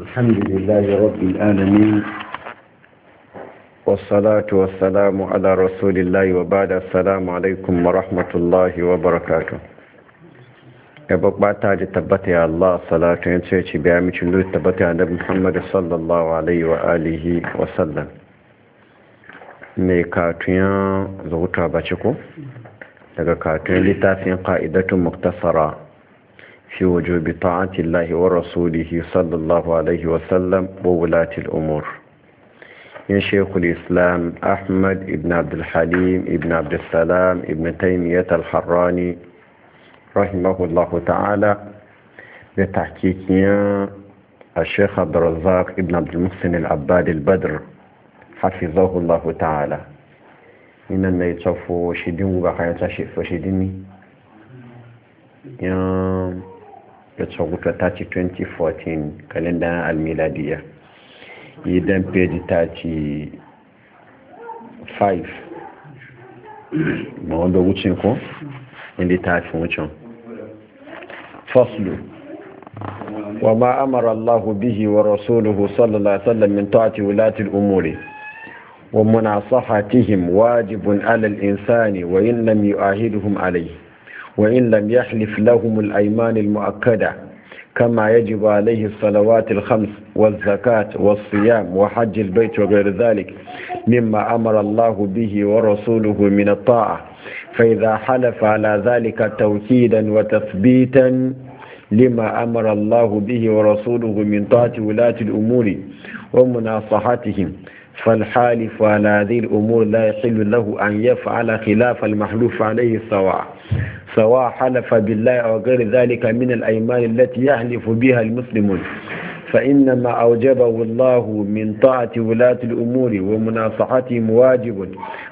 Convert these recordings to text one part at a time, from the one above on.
الحمد لله رب العالمين والصلاة والسلام على رسول الله وبعد السلام عليكم ورحمة الله وبركاته yabo bata ji tabbata ya Allah salatu ya ce ci biya mi cilu tabbata ya nabi Muhammad sallallahu alaihi wa sallam me katuyan zuwa ba ko daga katuyan littafin qa'idatun muktasara في وجوب طاعة الله ورسوله صلى الله عليه وسلم وولاة الأمور يا شيخ الإسلام أحمد بن عبد الحليم بن عبد السلام بن تيمية الحراني رحمه الله تعالى لتحقيق الشيخ عبد الرزاق بن عبد المحسن العباد البدر حفظه الله تعالى إن يتوفوا شدين وبقى يتشف وشديني يا ya tsoguta ta ci 2014 kalendar almiladiya idan peji ta ci 5 ma wanda wucin ko inda ta fi wucin faslu wa ma amara allahu bihi wa rasuluhu sallallahu alaihi wasallam min ta'ati wulati al-umuri ومناصحتهم واجب على الإنسان وإن لم يؤاهدهم عليه وإن لم يحلف لهم الأيمان المؤكدة كما يجب عليه الصلوات الخمس والزكاة والصيام وحج البيت وغير ذلك مما أمر الله به ورسوله من الطاعة فإذا حلف على ذلك توكيدا وتثبيتا لما أمر الله به ورسوله من طاعة ولاة الأمور ومناصحتهم فالحالف على هذه الأمور لا يحل له أن يفعل خلاف المحلوف عليه سواء سواء حلف بالله أو غير ذلك من الأيمان التي يحلف بها المسلمون فإنما أوجبه الله من طاعة ولاة الأمور ومناصحتهم واجب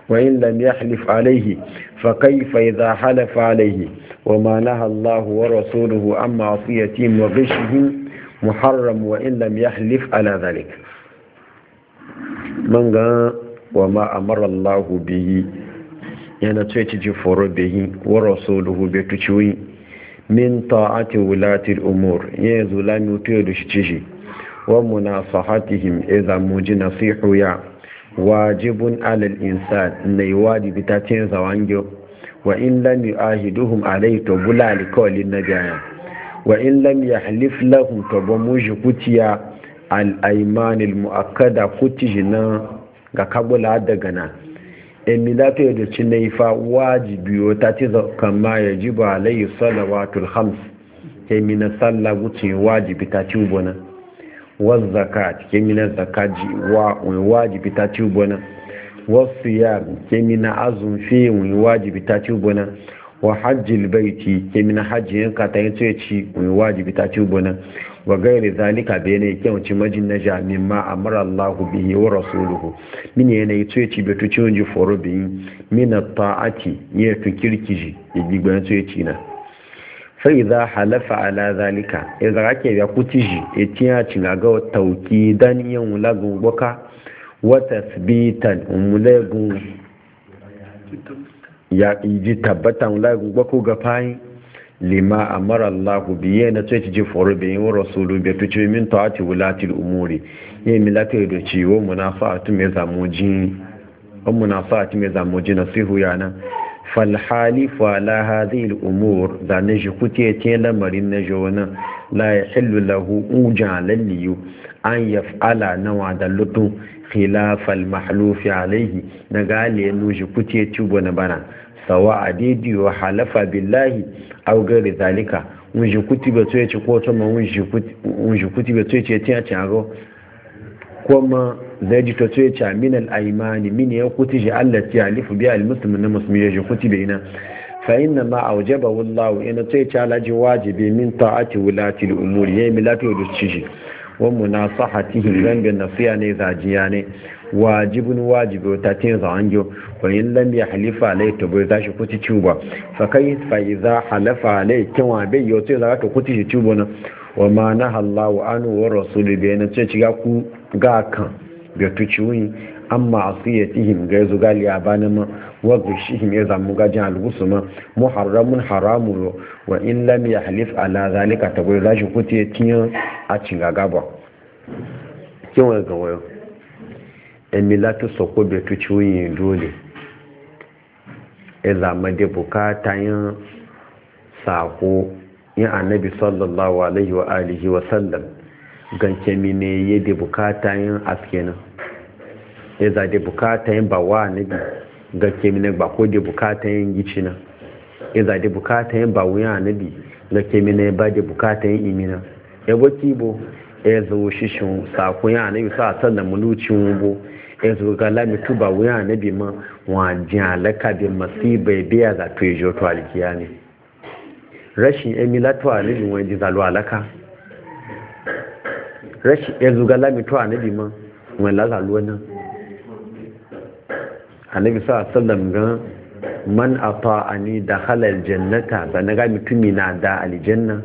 وإن لم يحلف عليه فكيف إذا حلف عليه وما نهى الله ورسوله عن معصيتهم وغشهم محرم وإن لم يحلف على ذلك من قال وما أمر الله به yana tsaye ci ji foro behin wa rasuluhu be tuciwi min ta'ati wulatil umur ya zula mi to ya shi ci wa munasahatihim mu ji nasihu ya wajibun alal insan ne wajibi ta cin zawangiyo wa in lam yu'ahiduhum alai to bulali na nabiyya wa in lam yahlif lahum to bamuji kutiya al ayman al muakkada na ga kabula daga nan emilatu ya doci na ifa wajibiyo ta ci kama ya ji ba alayi salawatul hams ke mina sallah wuce wajibi ta ci ubona wa zakat ke mina zakaji wa wajibi ta ci ubona wa siyam ke mina azun fi wajibi ta ci ubona wa hajjil baiti ke hajji yanka ta yi ci wajibi ta ci ubona wa gairi zalika bai ne kyanci majin na ma a marar lahu bihi wa rasuluhu min yana yi tsoye ci betu ciwon ji foro biyi mina ta'aki ya fi kirkiji ya gbigban tsoye ci na fa idza halafa ala zalika a ke ya ji ya tiya cin ga tawkidan yin wulagun boka Wata tasbitan umulagun ya iji tabbatan wulagun boko ga fayin lima amara Allah biye na tsaye ji foro bi yin rasulu to tuce min taati wulatil umuri ye mi lati do ci wo munafatu me zamuji o munafatu me zamuji ya na fal halifu ala hadhihi al umur da ne ji kutie la lamarin na jona la yahillu lahu ujalan liyu an yaf'ala nawa da lutu khilaf al mahluf alayhi na gale nuji kutie tubo na bana sawa adidi wa halafa billahi aw gari zalika mun ji kuti ba tsoye ci ko to ma mun ji kuti ba tsoye ci tiya aro kuma zai ji tsoye ci min al aimani mini ya kuti ji Allah ti alifu biya al muslim na muslimi ya ji kuti bai na fa inna ma awjaba wallahu ina tsoye ci ala ji wajibi min ta'ati wulati al umuri yayi milatu da ci ji wa munasahatihi zan nasiya ne zajiya ne wajibin wajibi ta tin zanjo wa in lam ya halifa alai to bai tashi kuti tuba fa kai fa idza halafa alai kin wa bai yo sai zaka kuti tuba na wa ma nahallahu anhu wa bai na ce ciga ku ga kan ga tuciwin amma asiyatihim ga yazo gali abanin ma wa gishihim ya zamu gajin algusuma muharramun haramu wa in lam yahlif ala zalika bai zashi kuti tiyan a cin gagaba kin wa ga wayo emila ta sako bai tuci wuyin dole izama da bukata yin sako yin anabi sallallahu alaihi wa alihi wa sallam gance mine ya da bukata yin aske nan iza da bukata yin ba wa annabi gance mine ba ko da bukata yin gici nan iza da bukata yin ba wuyan annabi gance mine ba da bukata yin imina yabo kibo ya zo shishin sako yin annabi sa sallan mulucin wubo kai su ga lami tuba wuya na bi ma wajen alaka bi masu bai biya za to yi to alikiya ne rashin emila to a nabi wani zalo alaka rashin ya zuga lami tuba a bi ma wani lazalo wani annabi sa sallam ga man ata'ani da halal jannata ba na ga mutumi na da aljanna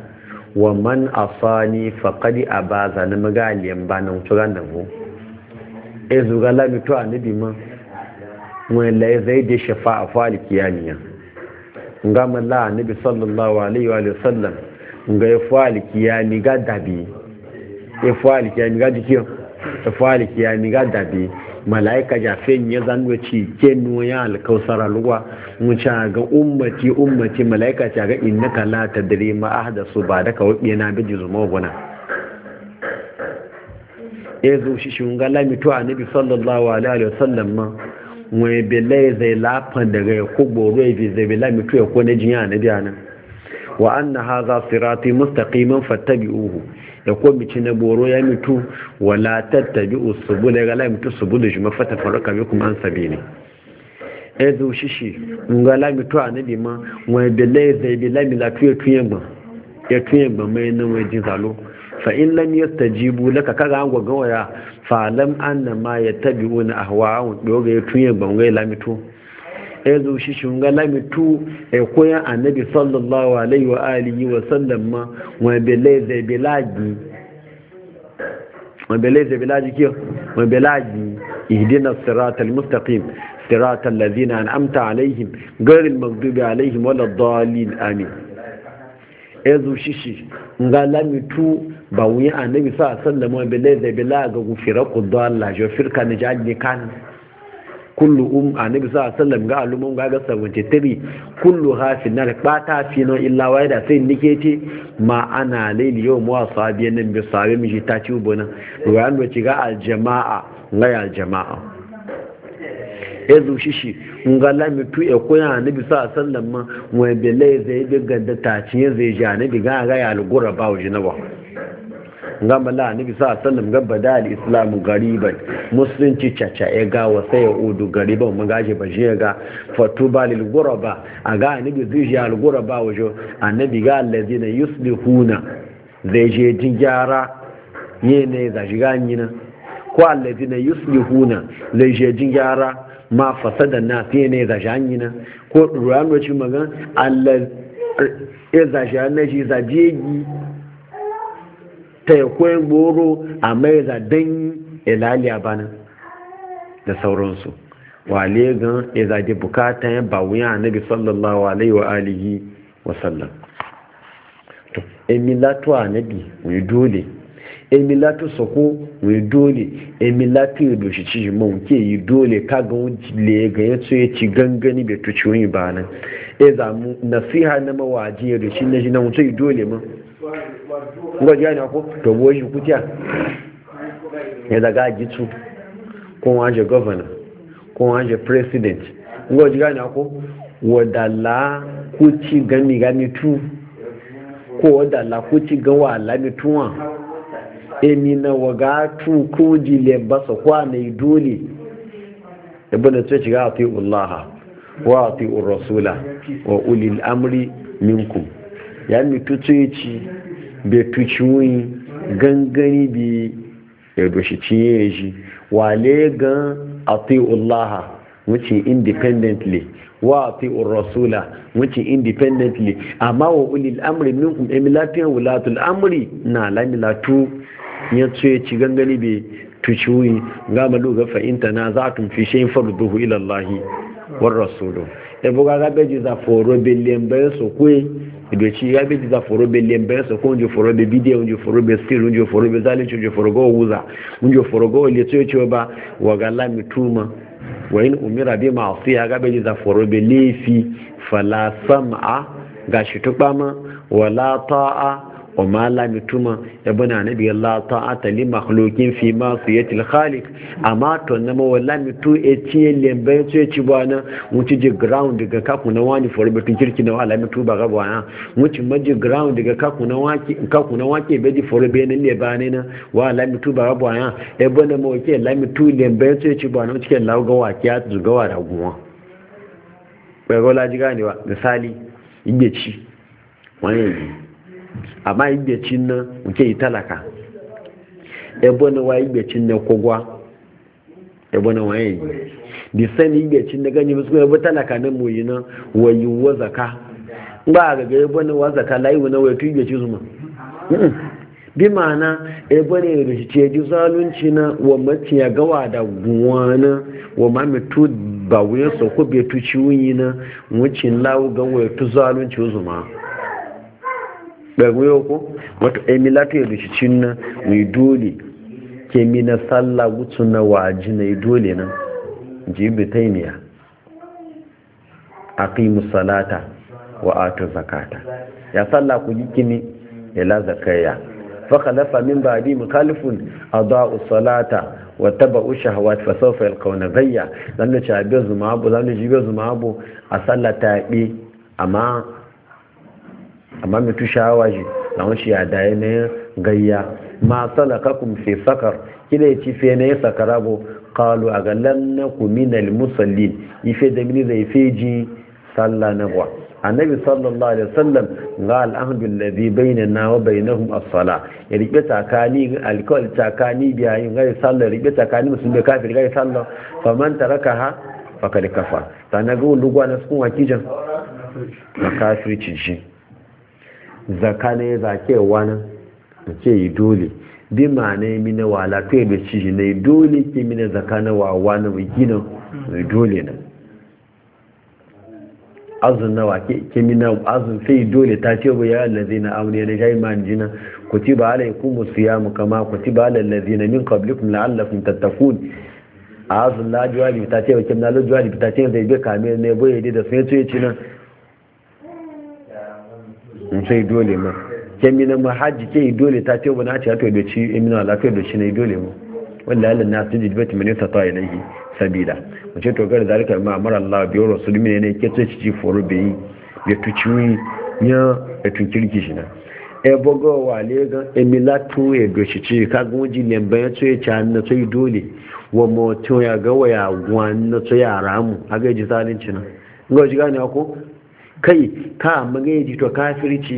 wa man asani faqadi abaza na magaliyan aliyan ba nan to ga nan ya zuga lamito a anibi ma wani ya zai da shafa a fali kiyaniya nga malla a nabi sallallahu alaihi wa sallam ga ya fali kiyani ga dabi ya fali kiyani ga jikin ya fali kiyani ga dabi mala'ika jafen ya zanwe ci ya nuwa alkausara luwa wuce ga ummati ummati mala'ika ci ga innaka la tadri ma ahda su ba da ka wuce na biji zuma wana ya zo shi shi ga lamitu a nabi sallallahu alaihi wasallam ma wai bele zai lafan daga ya kubo ruwa zai bela mitu ya kone jiya na biya nan wa anna haza sirati mustaqiman uhu ya ko mici na boro ya mitu wala tattabi'u subula ga la mitu subula shi mafata faruka bi kuma an ne ya zo shishi nga la a nabi ma wai bele zai bela mi la tuye tuye ba ya tuye ba mai nan wai jin zalo fa in lam yastajibu laka kaga an gogo waya fa lam anna ma yattabi'una ahwa'ahum doga ya bangai lamitu ya e zo shi shunga lamitu e koyan annabi sallallahu alaihi wa alihi wa sallam ma wa bilai bilaji wa bilai bilaji kiyo wa bilaji ihdina siratal mustaqim siratal ladzina an'amta alaihim ghairil maghdubi alaihim waladdallin amin ya e zo shi shi ba wuya annabi sa sallama bilai da la ga gufira kudu Allah jo firka ni jali kan kullu um annabi sa sallam ga alumun ga ga 73 kullu hafin nar bata fi no illa waida sai nike ce ma ana laili yau mu asabiyan nan bi sabi mi ta ci ubona ruwan wace ga aljamaa ngai aljamaa ezu shishi nga lami tu e koya annabi sa sallam ma wa bilai zai ga da ta ci zai ja annabi ga ga ya algura ba wajina ba gama la nabi sa sallam ga badal islam gariban musulunci caca ya ga wa sai ya udu gariban mun gaje ba je ga fatuba lil ghuraba a ga nabi zuji al ghuraba wajo annabi ga allazina yuslihuna zai je din gyara ne ne za shi ni na ko allazina yuslihuna zai je din gyara ma fasada na sai ne za shi ganyi ko ruwan wacin magana allaz zai eh, za shi na ta yi kwaye goro a mai zaden ilaliya bana da sauransu wale gan ya zaɗi bukata ya ba wuya bi sallallahu alaihi wa alihi wa sallam to emilatu bi wani dole emilatu soko wani dole emilatu ya doshi ci ma wuke yi dole ka ga wujile ga ya tso ya ci gangani bai tuci wani ba nan ya e zamu nasiha na mawaji ya doshi na shi na yi dole ma ngo jani e ko to boyi kutiya ya daga gitu ko wanje governor ko wanje president ngo jani ko wadalla kuci gani gani tu ko wadalla kuci gan wa alami tuwa emi na waga tu ko jile basa kwa ne dole ibn e tsaci ga ati Allah wa ati rasula wa ulil amri ya ya ci bai tuci wuyi gangani bi ya doshi cinye shi wale gan ati'ullaha wuce independently wa ati'ur rasula wuce independently amma wa ulil amri minkum emilatin wulatul amri na lamilatu ya ci gangani bai tuci wuyi gama lu ga fa'inta na za tun fi shayin duhu ilallahi war rasulu ga beji za foro billion bayan so kwe ga foro billion bayan foro be bidiyo foro be stil foro be foro go wuza foro go ba wa ga mituma wa umira bi foro be ta'a wa ma la mituma ibn anabi Allah ta'ata li makhluqin fi ma siyatil khaliq amma to na ma wala mitu e ci lembe to e ci bana mutu je ground ga kaku na wani forbe tun kirki na wala mitu ba ga bana mutu maji ground ga kaku na waki kaku na waki be di forbe ne le bana na wala mitu ba ga bana e bana mo ke la mitu lembe to e ci bana mutu ke lawo ga ya zuga wa da guma ba ga la ji ganewa misali ibe ci wani amma igbechi nan nke yi ebe na wa igbecin na ebe na wa yi bi sani igbechi na ganye musu ebe talaka na moyi na wa wa zaka ba agaga ebe na wa zaka la iwe na wayi tu igbecin su bi ma'ana ebe ne da shi ce ji zalunci na wa ya gawa da guwa na wa mamitu ba wuyan sauko bai tu ciwon yi na wucin lawu ga wayar tu zalunci zuma ɓarwe ko wato emilatu ya dushi na mai dole ke mina sallah wutu na waji na dole nan ji taimiya a kai musalata wa ato zakata ya sallah ku yi kini ya la zakaya lafa min ba bi mukalifun a za'u salata wa taba usha hawa fa sofa yalkauna zayya zan da ci abin zuma abu zan da ji zuma abu a sallah ta yi amma amma mutu shawa shi na wani ya da yanayin gayya ma salakakum fi sakar kila ya ci fe na ya sakara bu kalu a galan na kuminal musallin ife da mini zai fi ji sallah na gwa annabi sallallahu alaihi wasallam ga al'ahdu alladhi bainana wa bainahum as sala. ya rike takani alkol takani biyayin ga sallah rike takani musulmi kafir ga sallah faman tarakaha faqad kafa tanagu lugwa na sukun wakijan makafirci shi zaka ne zake wani ce yi dole bi ma ne mini wala to yi ci shi ne dole ki mini zaka na wa wani mai gina mai dole na azun nawa ki mini azun sai dole ta ce bu ya allazi na amri da shayi ma jina ku ci ba ala ya mu kama ku ci ba ala allazi na min qablikum la'allakum tattaqun azun la juwali ta ce wa kim na la juwali ta ce da be kame ne boye da sun ce ci nan sai dole ma kemi na mahaji ke dole ta ce wani ce to da ci emina lafiya da ci ne dole mu wanda halin na su jibi ta minista ta ilahi sabila mu ce to gari zalika a amara Allah biyo rasul mine ne ke ce ci foro bi ya tuci ya ya tunkirki shi na e bogo wa le ga emila tu e do ci ci ka gun ji ne ban to ya can na to dole wa mo to ya ga waya gwan na to ya ramu aga ji zalunci na ngoji gane ko kai ka magaye yi to kafirci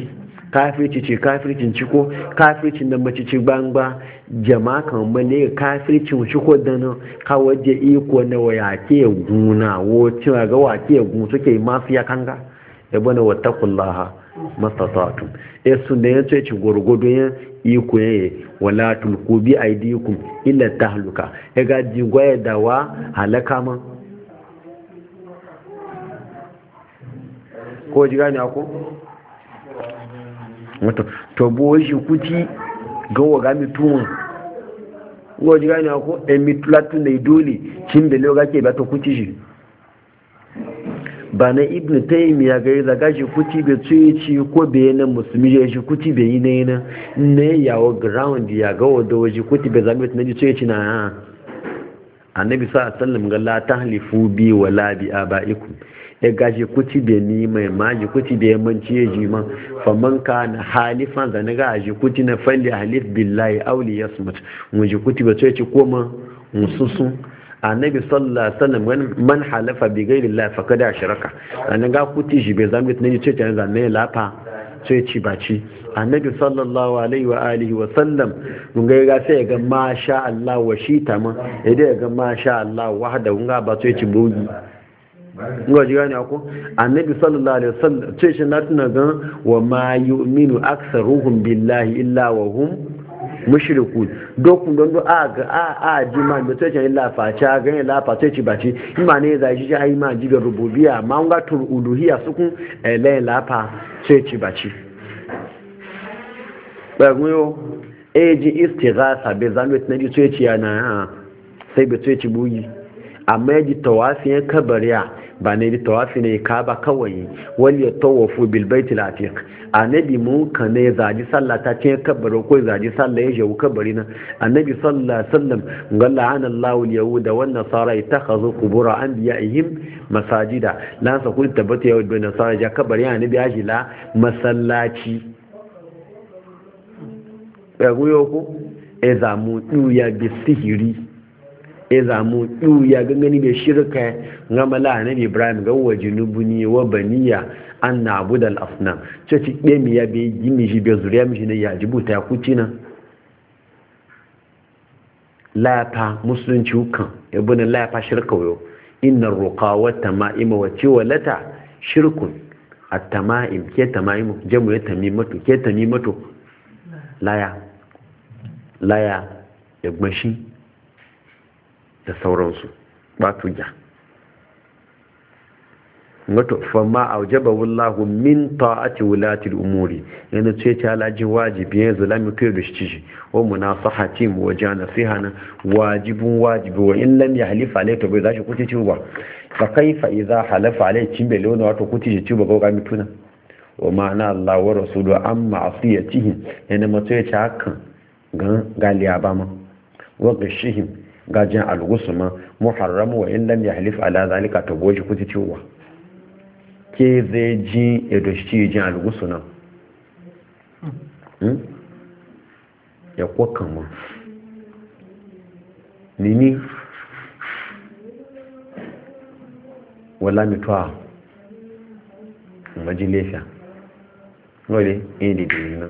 kafirci ce kafircin ciko kafircin da ci gbangba jama'a kan mane kafircin ciko da nan ka waje iko na waya ke guna wo cewa ga wa ke gun suke kanga? ya kanga ya bana wattaqullaha tatu. eh sun da yace ci gurgudu ya iko yi. wala tulku bi aidikum illa tahluka ya ga jingwaye dawa halaka ko jirani gane ko wato to bo shi kuti ga waga mitun ko ji gane ko e mitulatu ne dole cin da loga ke ba to kuti shi ba na ibn ya ga da gashi kuti be tsuye ci ko be ne musulmi ya shi kuti be yi ne ne ne yawo ground ya ga wada waje kuti be zabe na ji tsuye ci na annabi sa sallam ga la tahlifu bi wala bi abaikum ya gaji kuti be ni mai maji kuti bai manci ya ji ma faman ka na halifan zane na ga aji kuti na falli halif billahi auli ya smut mu ji kuti ba tsoye ci koma mususu annabi sallallahu alaihi wasallam man halafa bi ghairi llahi faqad a an ga kuti shi bai zamit ne ce zane ya lafa tsoye ci ba baci annabi sallallahu alaihi wa alihi wa sallam mun ga ga sai ga masha Allah wa shi ta ma ya ga masha Allah wahda hada ga ba sai ci bogi ngoji gani ko annabi sallallahu alaihi wasallam ce na tuna wa ma yu'minu billahi illa wa hum mushriku dokun don a ga a a ji ma da ce illa fa cha ga illa fa ce ci baci imane da ji ai ma ji ga rububiyya ma nga tur uluhiyya sukun ele la fa ce ci ba e istighatha be zanwet na ji ce ci yana sai be ce ci ba ne bi tawafi ne ka ba kawai wani ya tawafu bilbaiti latiq annabi mun ka ne zaji sallah ta ce kabbaro ko zaji sallah ya jawo kabbari na annabi sallallahu alaihi wasallam ga la'ana Allahu al-yahuda wan nasara ittakhadhu qubur anbiya'ihim masajida lan sa kun tabbata yahud bin nasara ja kabari annabi ya jila masallaci ya guyo ko e zamu ya bi sihiri ya zamu ɗiwu ya gangani mai shirka ga mala ibrahim ga waje nubuni wa baniya an na abu da al'afina ce ci ɗemi ya bai gini shi bai zuriya mishi na ya ji buta ya kuci nan lafa musulunci hukan ya bi lafa shirka wayo inna roƙa wa tama'ima wa ce walata shirkun a tama'im ke tama'imu jamu ya mato ke mato laya laya ya gbashi da sauransu batuja wato fama aujaba wallahu min ta'ati wulati al-umuri yana ce ta laji wajibi ya mu kai da shi wa munasahati mu waja nasihana wajibun wajibi wa in lam yahlif alayhi to bai zashi kuti ci ba fa kaifa idza halafa alayhi kin bai lona wato kuti ci ba ga mituna wa ma'ana Allah wa rasulu amma asiyatihi yana mace ta hakan ga galiya ba ma wa gashihim gajin algusuma Muharramu wa inda ya yahlif ala zalika ta goji kuti cewa ke zai ji edo shi jin alwusuna hmm? ya kwakan ma nini wala mituwa majalisa wale indi eh, da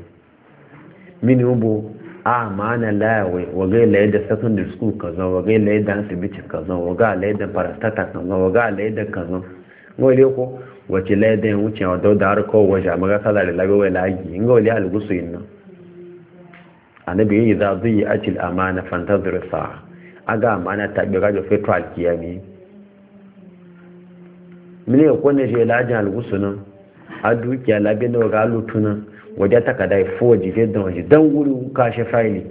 mini ubu a mana laya wagai laye da secondary school kazan wagai laye da asibiti kazan waga laye da farastata kazan waga laye da ngo ile ko wace laye da yin wuce wa dauda har ko waje amma maga kala da labe wai lagi ngo ile al gusu yin Ana annabi yi za zu yi amana fantazir sa a ga amana ta bi rajo federal kiyami mini ne kone shi lajin gusu nan a dukiya labin da waga lutuna wajen takada fo jife da waje don wuri kashe faili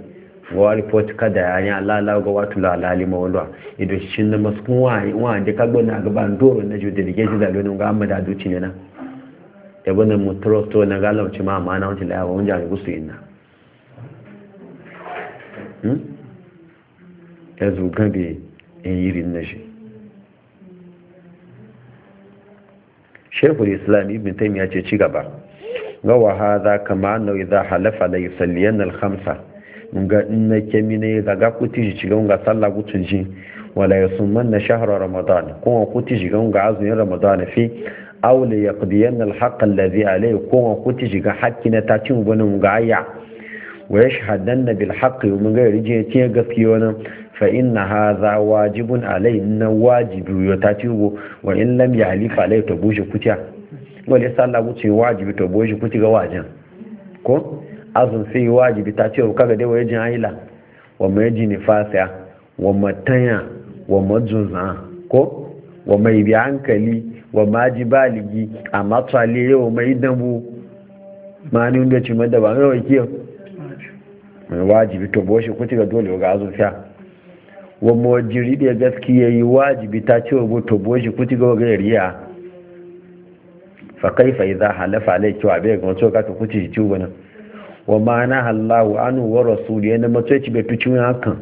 wa report kada ya yi alala ga watu la alali mawalwa ido shi na masu wa da kagbo na gaba doro na da delegation da lonin ga amma da duci ne na yabo na mu trusto na ga lauci ma amma na wancan da yawa wanda ga gusto inna hmm? ya zo gabe in yi rin na shi shekul islam ibn taimiyya ce ci gaba ga wa hadha kama annahu idha halafa la na alhamsa ga ina kemi na ya zaga kuti ji ga sallah gutun ji wala manna shahara ramadan kuma kuti shiga ga azumin ramadan fi ya kudiyar na al da zai alai, kuma kuti shiga ga hakki na ta gwanin ga aya wa yashhadanna bil haqqi mun ga rije ce gaskiya Wani fa inna wajibun alai na wajibi ya ta ci wa in lam halifa alai ta bushe kutiya wale sallah wuce wajibi to boye shi kuci ga ko azun fi wajibi ta ce kaga dai waye jin wa mai ji nifasa wa matanya wa majunza ko wa mai bi hankali wa maji baligi a matsali yau mai dambu ma ni wanda ci madda ba mai wakiyo mai wajibi to boye shi kuci ga dole ga azun sha wa mawajiri da gaskiya yi wajibi ta ce wa to boye shi ga ga riya fa kaifa halafa alayki wa bai ga to ka kuce ji tuba nan wa ma na anu wa rasuli na mace ci bai fici hakan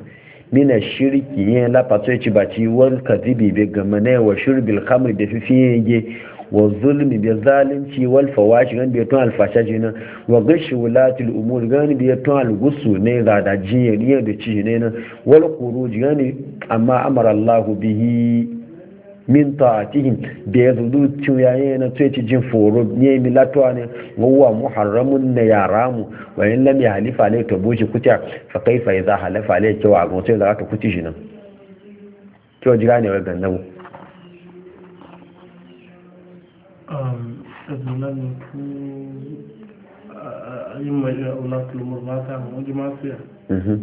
mina shirki ne la fatso ci ba ci wal kadibi bai gamane wa shurbil khamr da fifiye ge wa zulmi bi zalunci wal fawashi gan bi tun al fashaji na wa gashi wulatul umur gan bi ton al gusu ne da da jiye ne da ci ne na wal khuruj gan amma amara Allahu bihi min ta'atihim da ya zudu cuya yana to yace jin foro ne mi latwa ne wa muharramun na yaramu wa in lam yahlifa alai to buji kuta fa kaifa idza halafa alai to wa gon sai za ka kuti shi nan to jira ne wa gannabu um azunan ku yin mai ulatul murmata mu ji mafiya mm-hmm.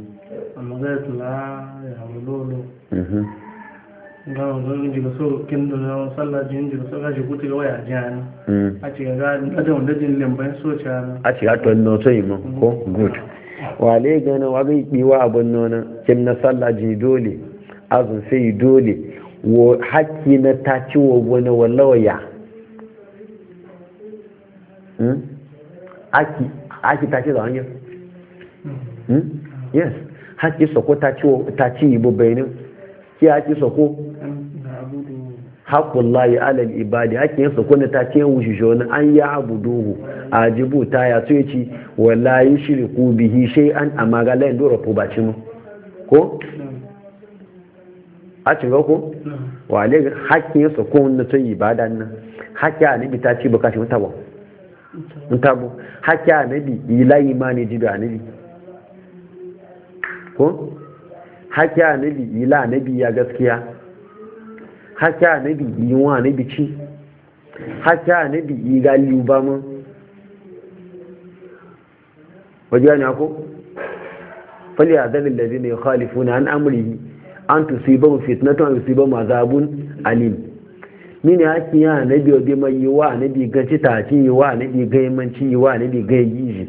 amma zai tula ya lolo mm-hmm. gawo don inji ga so kindo na sallaji inji ga so ga shi kuti ga waya jani mm. a ci ga da wanda jin limban so ci ana a ci ga to no so yi ko good wale gana wa ga biwa abun nona kin na sallaji dole azun sai dole wo hakki na ta ci wo gona wallawaya mm? aki aki ta ci da hanyar mm. yes hakki soko ta ci ta ci ibo bayanin ki haki soko haƙƙun layi alal ibadi haƙƙin soko ne ta ce wuce shoni an ya abu duhu a jibu ta ya so ya ci wala yi shiri ku bihi shai an amma ga layin dora ko ba ci ko a ci ko wale haƙƙin soko na ta yi ibada nan haƙƙi anabi ta ce baka shi mutabo mutabo haƙƙi anabi yi layi ma ne jibi anabi ko haki anabi ila anabi ya gaskiya haki bi yi wa anabi ci haki bi yi gali ba mu waje ne ko fali azal alladhina yukhalifuna an amrihi an tusibahum fitnatun aw yusibahum azabun alim mini haki ya anabi obi mai yi wa bi gaci ci yi wa anabi gaimanci yi wa anabi gayi yi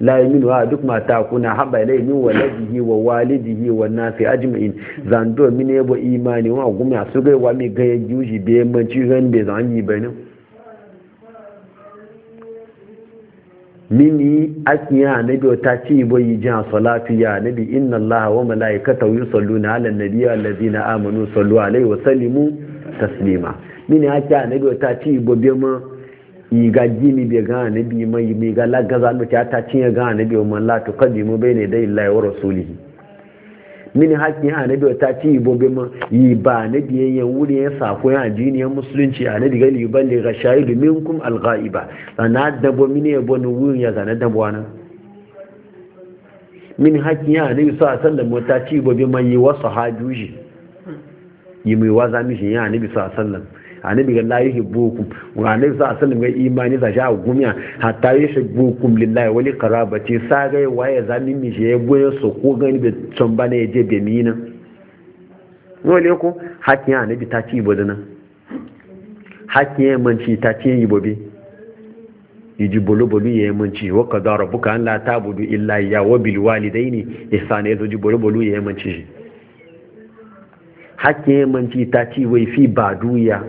la yaminu ha duk mata kuna haba ilai min waladihi wa walidihi wa nasi ajma'in zando min yabo imani wa gumi su wa mi gaye juji be manci ran zan yi bane mini akiya nabi ta ci bo yi jan salatu ya nabi inna allaha wa malaikatahu yusalluna ala nabiyyi allazina amanu sallu alaihi wa sallimu taslima mini akiya nabi ta ci bo be iga gini bai ga bi mai bai ga lagaza mu ta ta cinye ga bi wa la to kadi mu bai da illahi wa rasulihi min na bi ta ci bo bai ma yi ba annabi yan yan wuri yan sako yan jini yan musulunci diga ga liballi ga shahidu minkum alghaiba da dabo min ya bonu wurin ya zana dabo ana min hakkin ya ne sa sallam wasallam ta ci bo bai ma yi wasu hajuji yi mai waza mishi ya annabi sallallahu alaihi sallam. annabi ga la yuhibbukum wa annabi sa sallam ga imani za sha gumiya hatta yuhibbukum lillahi wa qarabati sa ga waye zami mi je boye so ko gani be tsamba ne je be mina wole ko hakin annabi ta ci bodana man ci ta ci yibobe yiji bolobolo ya ci wa qad rabbuka an la ta illa ya wa bil walidayni ihsana ya ji bolobolo ya yamanci ya man ci ta ci wai fi baduya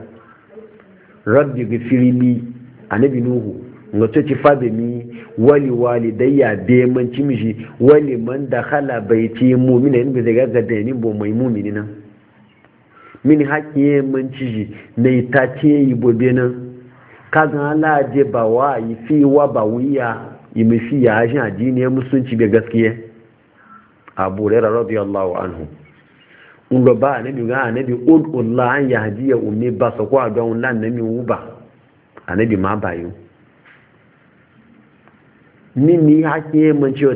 rabbi gafirli anabi nuhu wato ci fabe mi wali wali da ya be man ci mishi wali man da khala baiti mu'mina in zai ga da ni bo mai mu'mini nan min haƙi man ci ji na ita ce yi bobe nan ga ala je ba wa yi fi wa ba wuya yi mafi ya hajji addini ya musulunci da gaskiya abu rera radiyallahu anhu ńlọ bá ànẹ́bí wọn ànẹ́bí ọ̀la anya àdíyẹ òní bá ba àdó àwọn ńlá ànẹ́bí wọn bá ànẹ́bí má bá yìí mímí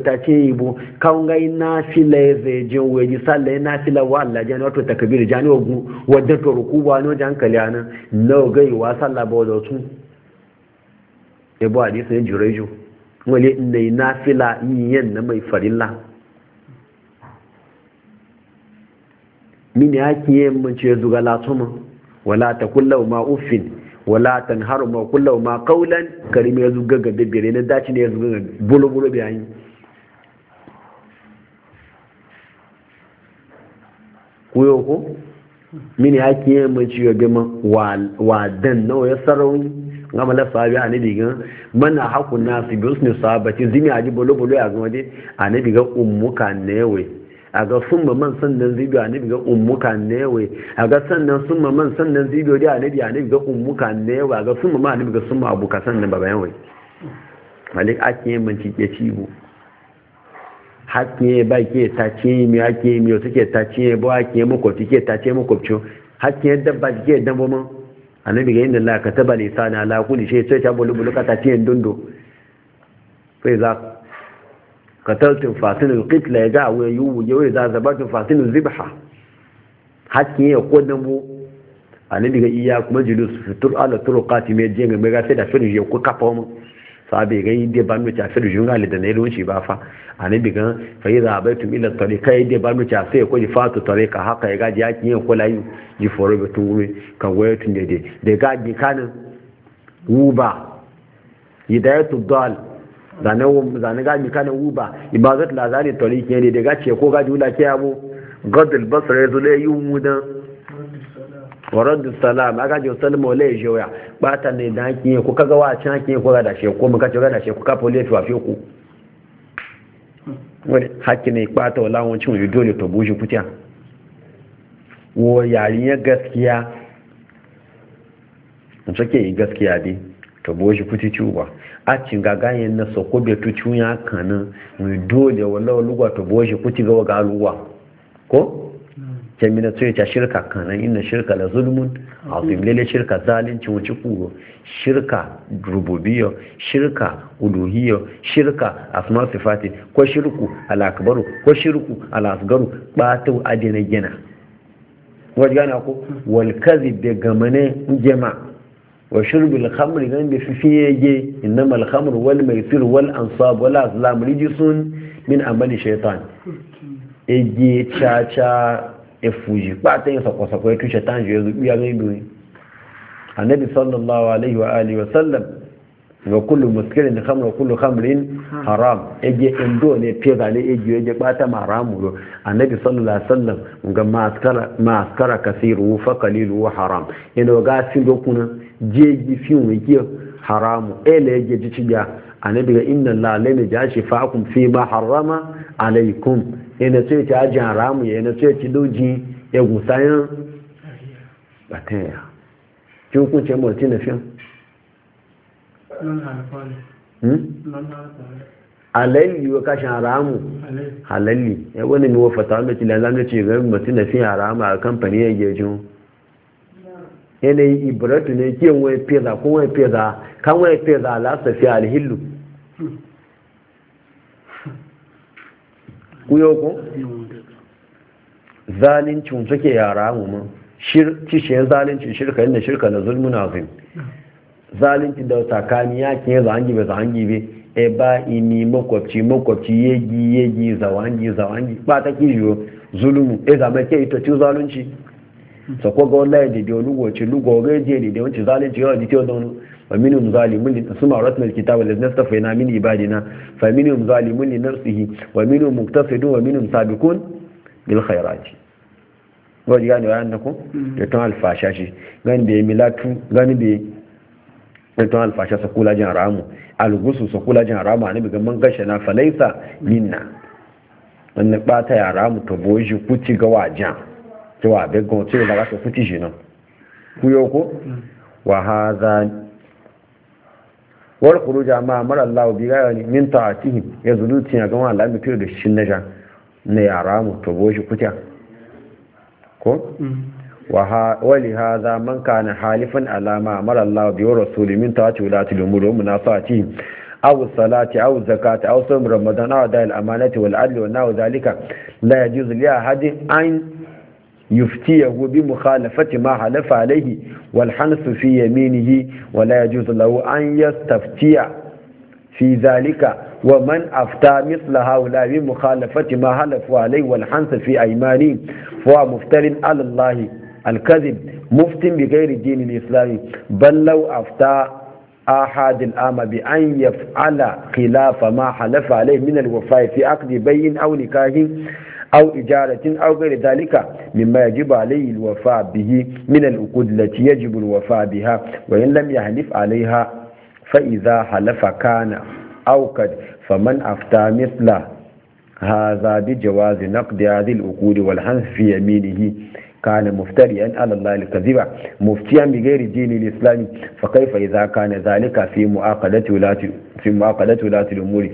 ta ce yi bu kawun gai na fila ya zai je waje sallah wa Allah jani wato takabir jani ogun wadda to ruku ba no e jan na gai wa sallah ba wadda e bu hadisi na fila na min yin mun ya zuga latuma wala ta kullau ma uffin wala haru ma kullau ma kaulan karim ya zuga ga bibire na daci ne ya zuga bolo bolo bayani kuyo ko min mun ce ya bima wa dan nawa ya sarauni gama mala sabi ani diga mana hakuna nasu bi usni sahabati zimi aji bolo bolo ya gode ani diga ummuka ne we a ga sun ba man sannan zibiyo a nabi ga ummuka newe a ga sannan sun ba man sannan zibiyo da nabi a nabi ga ummuka newe a ga sun ba man nabi ga sun ba abuka sannan ba bayan wai malik ake yin manci ke cibo hakiye ba ke ta tace mi hakiye mi suke tace ba hakiye ta ce tace makwabci hakiye da ba ke dan dabba man annabi ga inda Allah ka taba lisana ala kulli shay sai ta bulubulu ka ta tace dundo fa za kataltun fatinin kitla ya ga wuyan yiwu yawai za tun fatinin zibha hakkin ya kodin bu a nan daga iya kuma jilu su fitur ala turu kati mai jiyan mai gafe da kafa mu sabe ga yi dai banu ta firin yun ali da na irin ba fa a nan daga fayi zabaitum ila tarika yi dai banu ta sai ko fatu tarika haka ya gaji hakkin ya kula yi ji foro batun gumi kan waya tun daidai da gaji kanin wuba hidayatu dal zane ga mikanin uba ibazat lazari tori ke ne daga ce ko gaji wula ke abu gadul basar ya zule yi mudan waradu salam aka ji salma wala ya joya bata ne da hakin ya ku kaga wa can hakin ya ku gada she ko muka ce gada she ku kafa lefi wafe ku wani hakin ne bata wala wancin wani dole to bushe kutiya wa yarinyar gaskiya in sake yi gaskiya dai to bushe kuti cuba a cin ganyen na soko da tucin ya kanin mai dole wala luwa to boshi gawa ga aluwa ko jamina tsoye ta shirka kanan ina shirka la zulmun a lele shirka zalunci wuce kuro shirka rububiyya shirka uluhiyya shirka asma sifati ko shirku al ko shirku al asgaru batu adina gina wajen gana ko hmm. wal da gamane jama'a wa shurbil khamri nan da fi fiyege innamal khamru wal maisir wal ansa wal azlam rijsun min amali shaytan ege chacha efuji pata yi sako sako ya tushe tanjo ya zubi annabi sallallahu alaihi wa kullu muskirin khamr wa kullu khamrin haram eje endo ne pega ne eje eje bata haramu do annabi sallallahu alaihi wasallam ga maskara maskara kasiru fa qalilu wa haram ino ga sin do kuna je ji fi ki haramu ele eje ji ciya annabi ga inna la la fa fa'akum fi ma harrama alaikum ina ce ta ajin haramu ya ina ce ci doji ya gusayan bataya kin kun ce mutina fiyan Hmm? halalli wa kashin haramu halalli ya eh, wani ne wafata wanda ke lalata ce ga mutum na fi haramu a kamfani ya gejin yanayi ibratu ne ke wani feza ko wani feza kan wani feza lasa fi alhillu kuyo ko zalincin suke mu ma kishiyar zalincin shirka yana shirka na zulmuna zai zalunci da tsakani ya ke zangi ba zangi be e ba ini makwabci makwabci yegi yegi zawangi zawangi ba ta kiyo zulumu e zama ke ito ci zalunci so ko ga wallahi da dio lugo ci lugo ga je ne da wanci zalunci ya di tiyo don wa minhum zalimun li tasma ratna alkitab alladhi nastafaina min ibadina fa minhum zalimun li nafsihi wa minhum muqtasidun wa minhum sabiqun bil khairati wajigani wa annakum mm. da tan alfashashi gani da milatu gani da don alfasha sakula jin haramu algusu sakula jin haramu a nabigan man gashe na falaisa minna wani bata ya haramu ta boji kuci ga wajen cewa begon wace da za ka kuci shi nan kuyo ko wa haza wal kuru ma mara Allah biya ga yani a ta'atihi ya zuluti ya gama Allah fiye da shi na ne ya haramu ta boji kuta ko mm. ولهذا من كان حالفا على ما امر الله به ورسوله من طاعه ولاة الامور ومناصاتهم او الصلاه او الزكاه او صوم رمضان او اداء الامانه والعدل ونحو ذلك لا يجوز لاحد ان يفتيه بمخالفة ما حلف عليه والحنث في يمينه ولا يجوز له أن يستفتي في ذلك ومن أفتى مثل هؤلاء بمخالفة ما حلفوا عليه والحنث في أيمانه فهو مفتر على الله الكذب مفتن بغير دين الإسلام بل لو أفتى أحد الأمة بأن يفعل خلاف ما حلف عليه من الوفاء في عقد بين أو نكاح أو إجارة أو غير ذلك مما يجب عليه الوفاء به من العقود التي يجب الوفاء بها وإن لم يحلف عليها فإذا حلف كان أو قد فمن أفتى مثل هذا بجواز نقد هذه العقود والحنث في يمينه كان مفتريا على الله الكذبة مفتيا بغير bi الإسلام فكيف إذا كان ذلك في idha ولاة zalika fi ولاة الأمور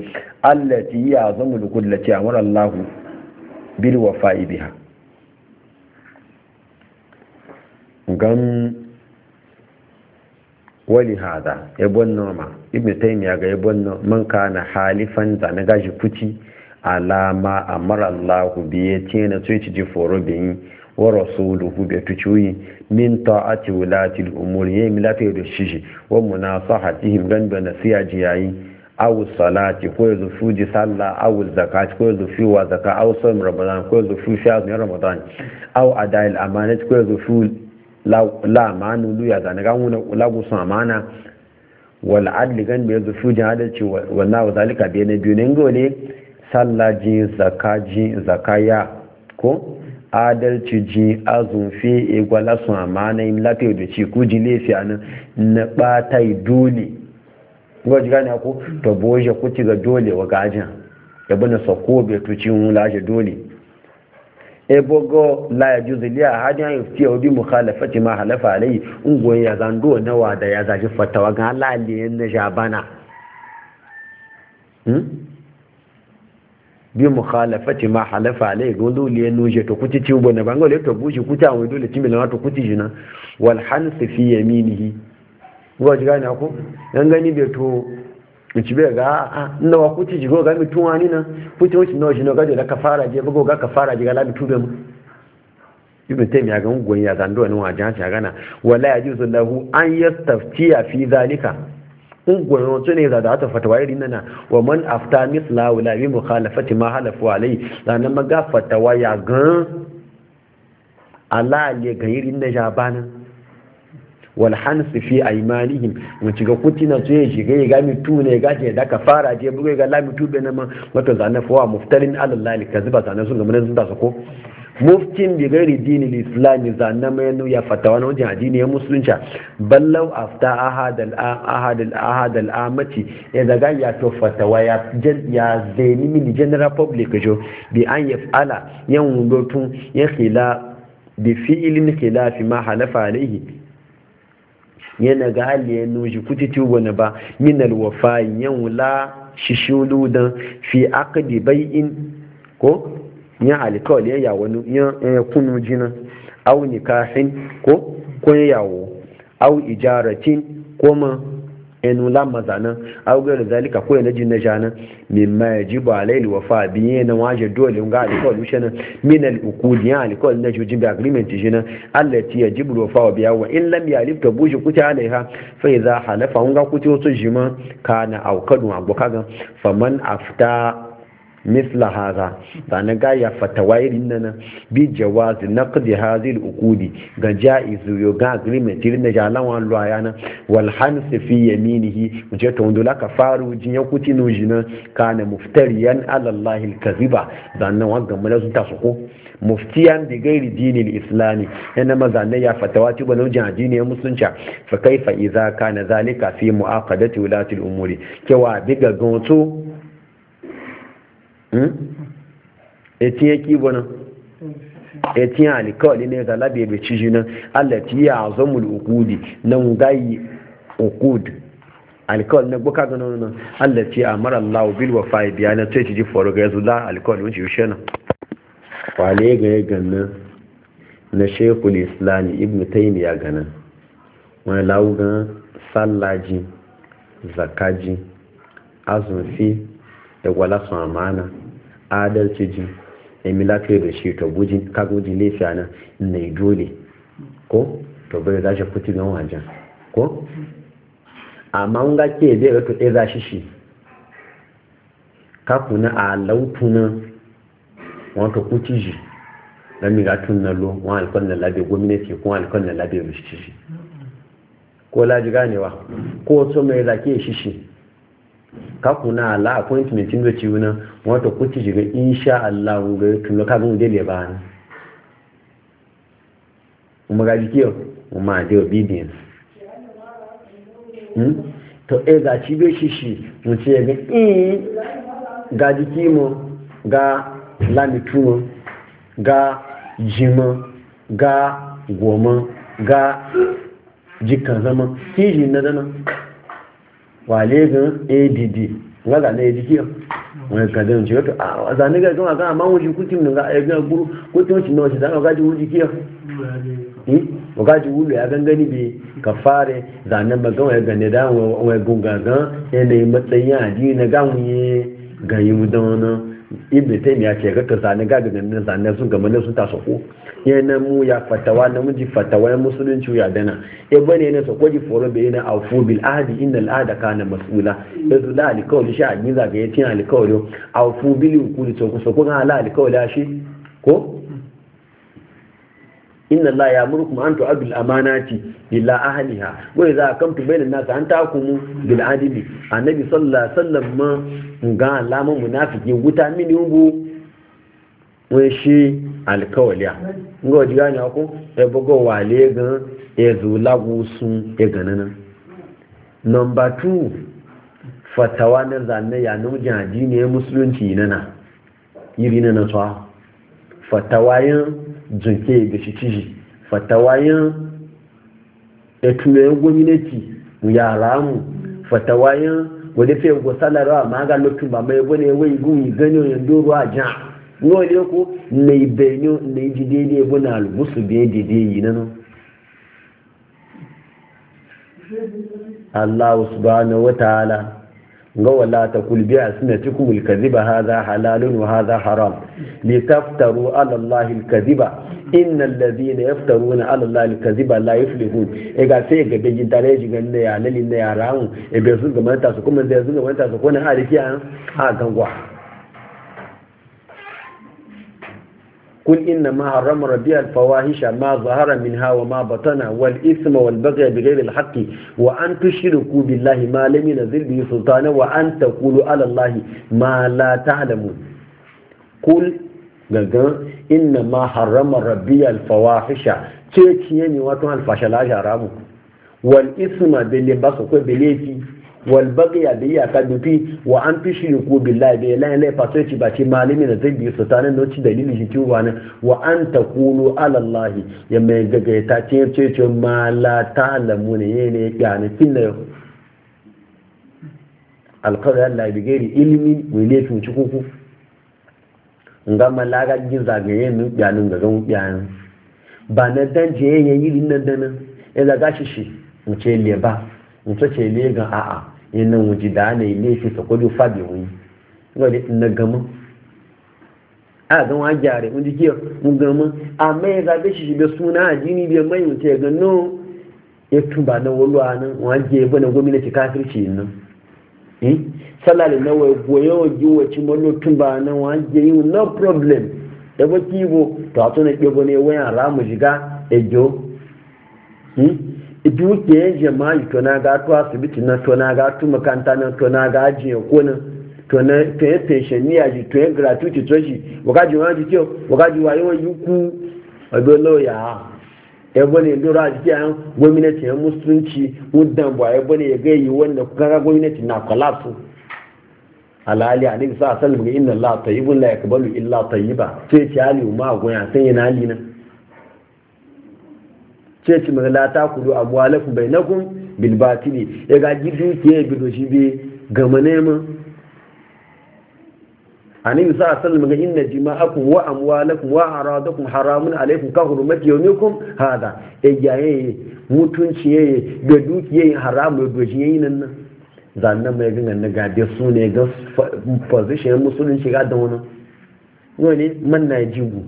التي هي أعظم al التي أمر الله بالوفاء بها gan wali hada yabon noma ibn taymiya ga yabon man kana halifan zane gashi kuci alama amara Allah biye ce na tsoyi ji foro wa rasuluhu bi tuchuyi min ta'ati wulati al-umuri yayi da shishi wa munasahatihim gan da nasiya jiyayi aw salati ko yanzu fuji sallah aw zakati ko yanzu fi wa zaka aw sawm ramadan ko yanzu fi fi azmi ramadan aw adail amanat ko yanzu la amanu luya da na gamu amana wal adli gan da yanzu fuji adalci wannan wa zalika ne biyu ne ngole sallaji zakaji zakaya ko adalci ji azunfe igwala sun a yin lafiya da ci ku ji a nan na batai dole ga ji gane ku to boje ku ci ga dole wa gajin ya na sako bai tuci hun lashe dole ebogo la ya juzu liya hadin yi fi yau bi mukhalafati ma halafa alai ungoyi ya zando na wada ya zaji fatawa ga halaliyan na jabana hmm? bi mukhalafati ma halafa alai gondo liye nuje to kuti ci ubona bango le to buji kuti an wedo le timi na to kuti jina wal hansi fi yaminihi ngo jiga na ko nan gani be to ci be ga a ah, ah, na wa kuti jigo ga mitun wani na kuti wuci no jino ga da kafara je bugo ga kafara je ga la mitube mu ibn taymiya ga ngon ya zando ni wa jaha na wala yajuzu lahu an yastaftiya fi zalika ungwayon su ne da ta fatawa iri nana wa man afta misla wala bi mukhalafati ma halafu alai ma maga fatawa ya gan ala ne ga irin na bana wal hans fi aymanihim mun ciga kutina su ya shiga ya ga mitu ne ga je da kafara je buga ga la mitu be na ma wato zanafa wa muftalin ala lillahi kaziba zanan sun ga mun sun su ko. muftin bi gairi dinin islam zanna mai nu ya fatawa na wajen addini ya musulunci ballau afta ahad al ahad al ahad al amati ya daga ya to fatawa ya ya zeni min general public jo bi an yafala yan wudotun ya khila bi khilafi ma halafa alaihi yana ga hali ya nuji kuti wani ba min wafa yan wula shishulu dan fi aqdi bai'in ko ya alikawali ya yawo ya kunu jina au nikahin ko ko yawo au ijaratin ko ma enu lamma zanan au gari zalika ko yana jin na jana mimma yajibu wa wafa ya na waje dole ga alikawali shana min al ukudi yan alikawali na jin bi agreement jina allati wa wafa bi wa in lam yalif tabushi kuta alaiha fa idha halafa unga kuti wato jima kana au kadu abukaga faman afta misla haza sanan ga ya fatawa irin nan bi jawazi naqdi hadhihi al-uqudi ga jaizu yo ga agreement irin na jalan wan lo ayana wal hansi fi yaminihi muje to ndola ka faru jin ya kuti no jina kana muftariyan ala Allah al-kaziba sanan wa su ta soko muftiyan bi gairi dinin islami yana mazanne ya fatawa ci bano jin addini musulunci fa kaifa idza kana zalika fi mu'aqadati ulati al kyau a biga gonto Hmm? etinye kibo nan etinye alikawali ne ga labe bai ci shi nan allati ya zamul ukudi nan gayi ukud alikawali na gboka gano nan allati ya mara lawo bil wa fa'i biya na tsaye ji foro ga yanzu la alikawali wani yushe nan kwale ga ya ganin na na islami ibn taymiya ganin wani lawo ganin sallaji zakaji azumfi da gwala su amana adalci ji emila yi da shi ta gujin kagujin lafiya na ne dole ko to bai za shi kuti don wajen ko amma ga ke zai rato ɗaya za shi shi na a lautunan wata kuti shi na miratun na lo wani alkon na labe gwamnati wani alkon na labe shi ko laji ganewa ko so mai zake shi shi kakuna ala appointment ndo ciwuna wato kuti jiga insha Allah ga tuno ka gun dele ba ni kuma ga jikiyo kuma de obedience hmm to e ga cibe shishi mu ce ga i ga ga ga jima ga goma ga jikan zama wale ga add nga wani to a ah, ga kuma ga wuji ga ya ga guru kutin shi no shi da ga ji wuji kiyo eh ga ji ya gangani bi ka fare ba ga ne da wa gunga ga ne ga mu ye ga yi mu da wannan ibn taymiya ce ga ka zane ga ga ne zane sun ga mun sun ta sako ya na mu ya fatawa na muji fatawa ya musulunci ya dana ya bane na so kwaji foron bai na afu bil ahdi innal ahda kana mas'ula yanzu da alkawli sha a yiza ga yatin alkawli afu bil ukuli to ku so kun ala alkawli shi ko inna Allah ya murkum an tu'addu al-amanati ila ahliha wa idza akamtu bayna an-nas an taqumu bil adli annabi sallallahu alaihi wasallam ma ga alama munafiki wuta mini ubu wai shi alkawaliya ngo ji gani ko e bogo wale gan e zu lagu sun e ganana number 2 fatawa na zanne ya nu jadi e e e ne musulunci nana yiri nana tsawa fatawayin jinke ga shi ciji fatawayin etuwe gwamnati yara mu fatawayin wadda fiye gwasalarwa ma ga lokacin ba mai bane wai gun gani yanzu ruwa yau ne ku mai benyo na yi jide ne bu na albusu biye jide yi nanu. Allah subhanahu wa ta'ala ga wala ta kulbi a suna cikin mulkaziba haza halalun wa haza haram li taftaru ala Allah alkaziba inna alladhina yaftaruna ala Allah alkaziba la yuflihun e ga sai ga gaji tare ji gan ne ya lalin ne ya rawu e be sun ga manta su kuma zai sun ga manta su ko na Ha a gangwa قل إنما حرم ربي الفواحش ما ظهر منها وما بطن والإثم والبغي بغير الحق وأن تشركوا بالله ما لم ينزل به سلطانا وأن تقولوا على الله ما لا تعلمون قل إنما حرم ربي الفواحش كيف ينواتها الفشلاج حرام والإثم باللباس وبالليفي والبغي بي أكاد في وأن تشركوا بالله بي لا لا فاتوتي باتي مالي من wa بي ستانا نوتي دليل جيتي وانا وأن تقولوا على الله يما يجي تاتي تشي ما لا تعلمون يعني يعني كنا alkawar Allah bi gairi ilimi mai laifin ci kuku nga malaga ji zagaye min biyanin ga zan biyanin ba na dan je yayin yi nan dana ya zaga shi shi mu ce le ba mu ce le ga a'a ina wuji da ana ile fi sa kwado fabi wuyi wadda na gama a ga wa gyare wanda ke mun gama amma ya zabe shi da suna addini bai mai wuce ga no ya tun ba na walwa nan wanda ya bana gwamnati kafirci nan eh salali na wai goyo giwa ci mallo tuba na wanda yi no problem da ba kibo to a tona kibo ne wayan ramu shiga ejo hmm ibi wuce yin jama'i to na ga tu asibiti na to na ga tu makanta na to na ga ajiye ko na to na to yin pension ni aji to yin gratuity to shi wakaji wa ji wa yawan yi ku ọdọ ya ẹgbọn ne lọrọ aji a gwamnati ya musulunci mudan bu a ẹgbọn ne ya ga yi wanda kaga gwamnati na kwalasu alali a nabi sa sallam inna la tayyibun la yakbalu illa tayyiba sai ci ali ma ya sai na ali sai ci mai lata ku do amwalakum bainakum bil batili ya ga gidi ke yi bido shi be gama nema annabi sallallahu a sallama ga inna jima'akum wa amwalakum wa aradakum haramun alaikum ka hurmati yawmikum hada e yaye mutunci yaye da duki dukiye haramu da yayi nan nan zannan mai ga na gade su ne ga position musulunci ga da wani wani man na jibu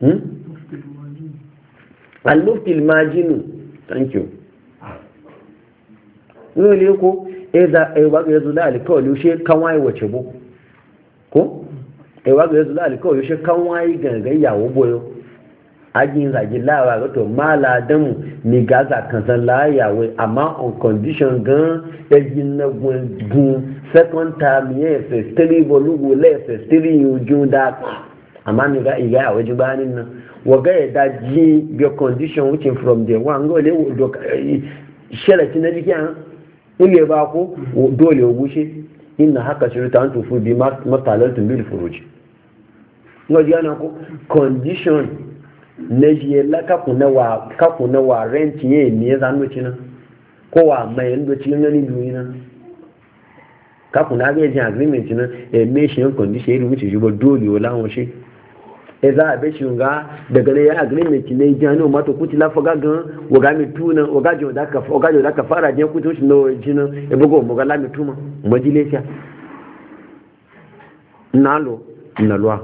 hmm al-mufti al-majinu thank you no le ko eza eh, za e eh, wa ga zula al-kawli she kan wai wace bo ko e eh, wa ga zula al-kawli she kan wai gangan yawo boyo ajin zagi lawa ga to mala damu ni gaza kan san layawe amma on condition gan da yin na gun second time yes stable lugu less stable you ju da amma ni ga iya waje banin nan waga ya daji be condition wucin from the one ga le eh, sharati na jiki an ile ba ko dole gushe inna haka shirta an tufu bi matalantun bil furuji ngoji ana ko condition na jiye la kakuna wa kakuna wa rent ye ne zan wuce nan ko wa mai wuce nan ni duyi nan kakuna ga jin agreement nan e eh, me condition irin wuce shi ba dole o lawon shi e za a beshi nga daga ne ya agreement ne jani ma to kuti lafa ga gan waga mi tuna waga jo da ka waga jo da ka fara je kuti shi no jina e, e bugo mo ga la mi tuma mo dile sha nalo nalwa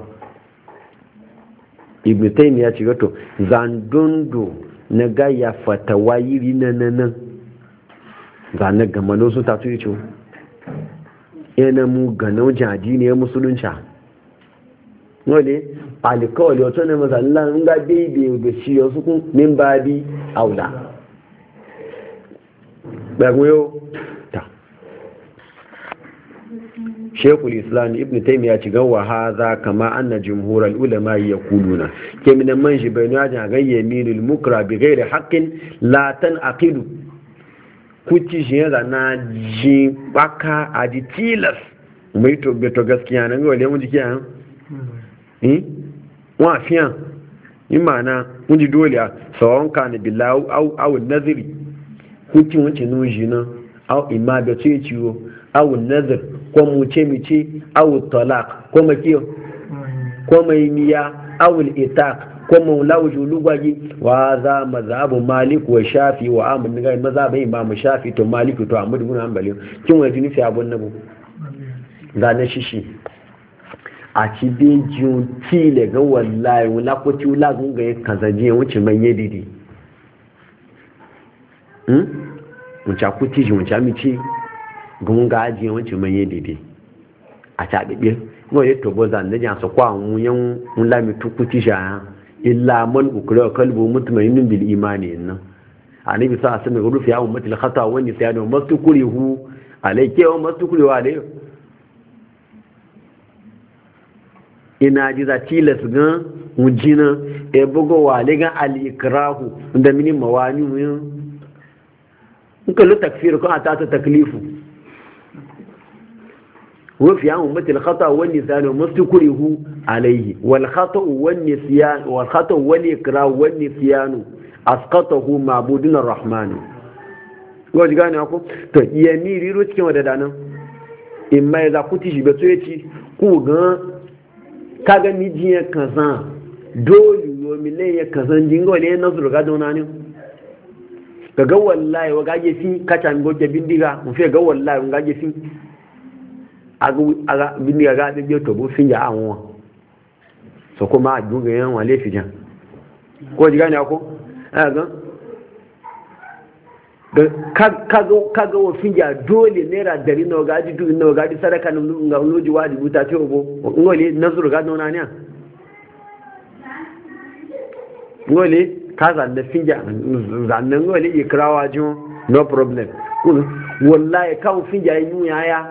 ibn taymiya ci gato zandundu na ga ya fatawa yiri nan nan ga na ga malo su tatu yi yana mu ga nau jadi ne musulunci wale alikawali wato ne masallan n ga bebe da shi ya suku min babi aula bagwayo ta shekul islam ibn taimi ya ci gawa ha za kama anna jimhurar ulama ya kuluna ke minan man shi bai nuna jan gayye minul mukra bi gairi haƙƙin latan akidu kuti shi yana na ji baka a ji tilas mai to gaskiya nan ga wale mu jikiya wọn àfihàn ní màánà wọn ti dóòlì à sọ̀rọ̀ ń ka níbi láwù áwò nẹ́zìrì kó tí wọ́n ti nù yìí ná áwò ìmọ̀ àbẹ̀ tó yẹ ti wo áwò nẹ́zìrì kó mu tẹ́mìtì áwò tọ́lá kó mọ̀ kí o kó mọ̀ ìmìyà áwò ìtàk kó mọ̀ láwùjọ olúgbàjì wà á za mazhabu malik wa shafi nígbà shafi to malik to amur bin kí wọ́n ti nífẹ̀ẹ́ abun nabu. Zane shishi. a ci bejin ci daga wallahi wula ko ci wula sun ga yin kazaji ya wuce man yi didi wunca hmm? ku ci shi wunca mi ci gun ga aji ya wuce man yi didi a ta ɗiɓe mo yi tobo zan da jan sakwa mu yan wula mi tu ku ci shi a illa man ukura kalbu mutmainin bil imani nan annabi a asama rufi ya ummatil khata wani sayanu mastukurihu alayke wa mastukurihu alayhi ina ji za tilas gan mujina e bugo wale gan al-ikrahu da mini mawani mun in kallu takfir ko ata ta taklifu wa fi an ummati al-khata wa nisan mustakrihu alayhi wal khata wa nisyan wal khata wal ikrahu wa nisyan asqatahu ma'budun ar-rahman ko ji gane ko to yemi riro cikin wadadanan in mai za ku tishi be ku gan kaga mi jiyan kazan dole yo mi le ya kazan jingo ne na zuru ga dona ne kaga wallahi wa gaje fi kacha mi goje bindiga mu fe ga wallahi mu gaje fi agu aga bindiga ga de to bu fi ya awon so kuma ajuga yan wale fi jan ko diga ne ko eh gan kaga wa fiya dole naira dari na wagaji duk na wagaji sadaka na nga loji wa rubuta ce obo ngole nazur ga nona ne ngole ka zanne fiya zanne ngole ikrawa ji no problem wallahi ka wa fiya yin yaya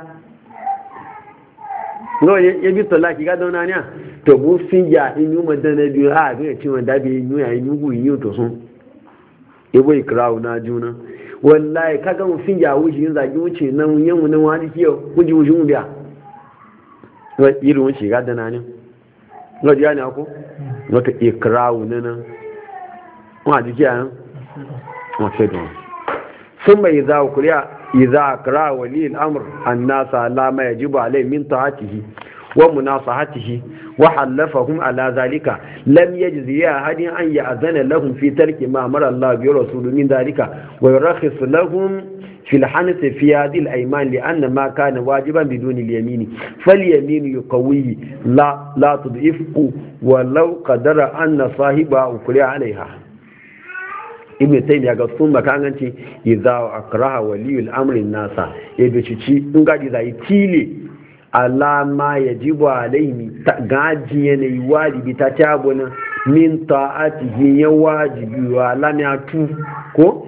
ngole ya bi tola ki ga nona ne to bu finja in yu madana biyu ha ga ci wanda bi yin yaya yin gu yin to sun ebo ikrawa na juna wallahi kaga mu fin ya wuce yin zagi wuce nan yin wani wani kiyo kuji wuce mu biya wa irin wuce ga dana ne ga ji ne ako wata ikrawu ne nan wa ji kiyan wa sai don sun bai za ku riya a, kira wali al-amr an-nasa la ji ba alayhi min ta'atihi wa munasahatihi wa halafahum ala zalika lam yajzi ya hadin an yi lahum fi tarki ma amara Allah bi rasuluhu min zalika wa yurakhis lahum fil hanis fi hadhihi ayman li anna ma kana wajiban biduni al yamin fal yamin yuqawi la la tud'ifu wa law qadara anna sahiba ukri alaiha ibn taymiya ga sun makanganci idza akraha waliyul amri nasa e bi ci in tile alama ya ji ba alaimi gaji yanayi wajibi ta tabuna min ta'atihi ya wajibi wa ya tu ko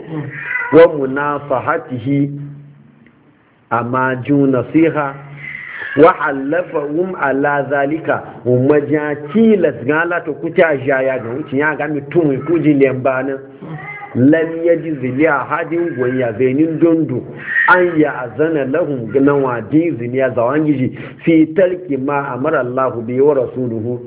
wa munafahatihi amma ju nasiha wa halafa um ala zalika umma ja tilas gala to kuta jaya ga wucin ya ga mutum ku ji na. lam yaji a hadin gwanya zainin dondo an ya azana lahum gnawa din a zawan gishi fi tarki ma mara allahu bi wa rasuluhu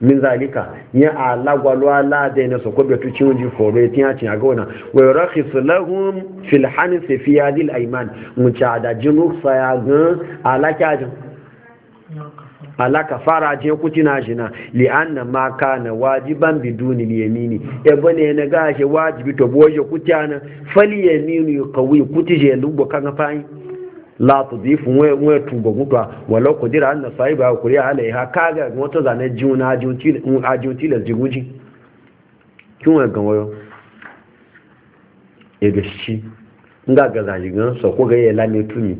min zalika ya ala gwalu ala da na kobe ko betu ci wonji foro ya tin aga wana wa yurakhis lahum fil hanfi fi hadhihi aiman mu ci da jinu ya gan ala ala kafara je kuti na jina li anna ma na wajiban biduni li yamini e bane na ga je wajibi to boje kuti ana fali yaminu yuqawi kuti je lubo kan fayin la tudhifu mwe mwe tumbo mutwa wala kudira anna sahiba ya kuria alaiha kaga moto zane juna ajuntile ajuntile ziguji kiwa gawo egeshi nga gaza jigan so ko ga ya yela metumi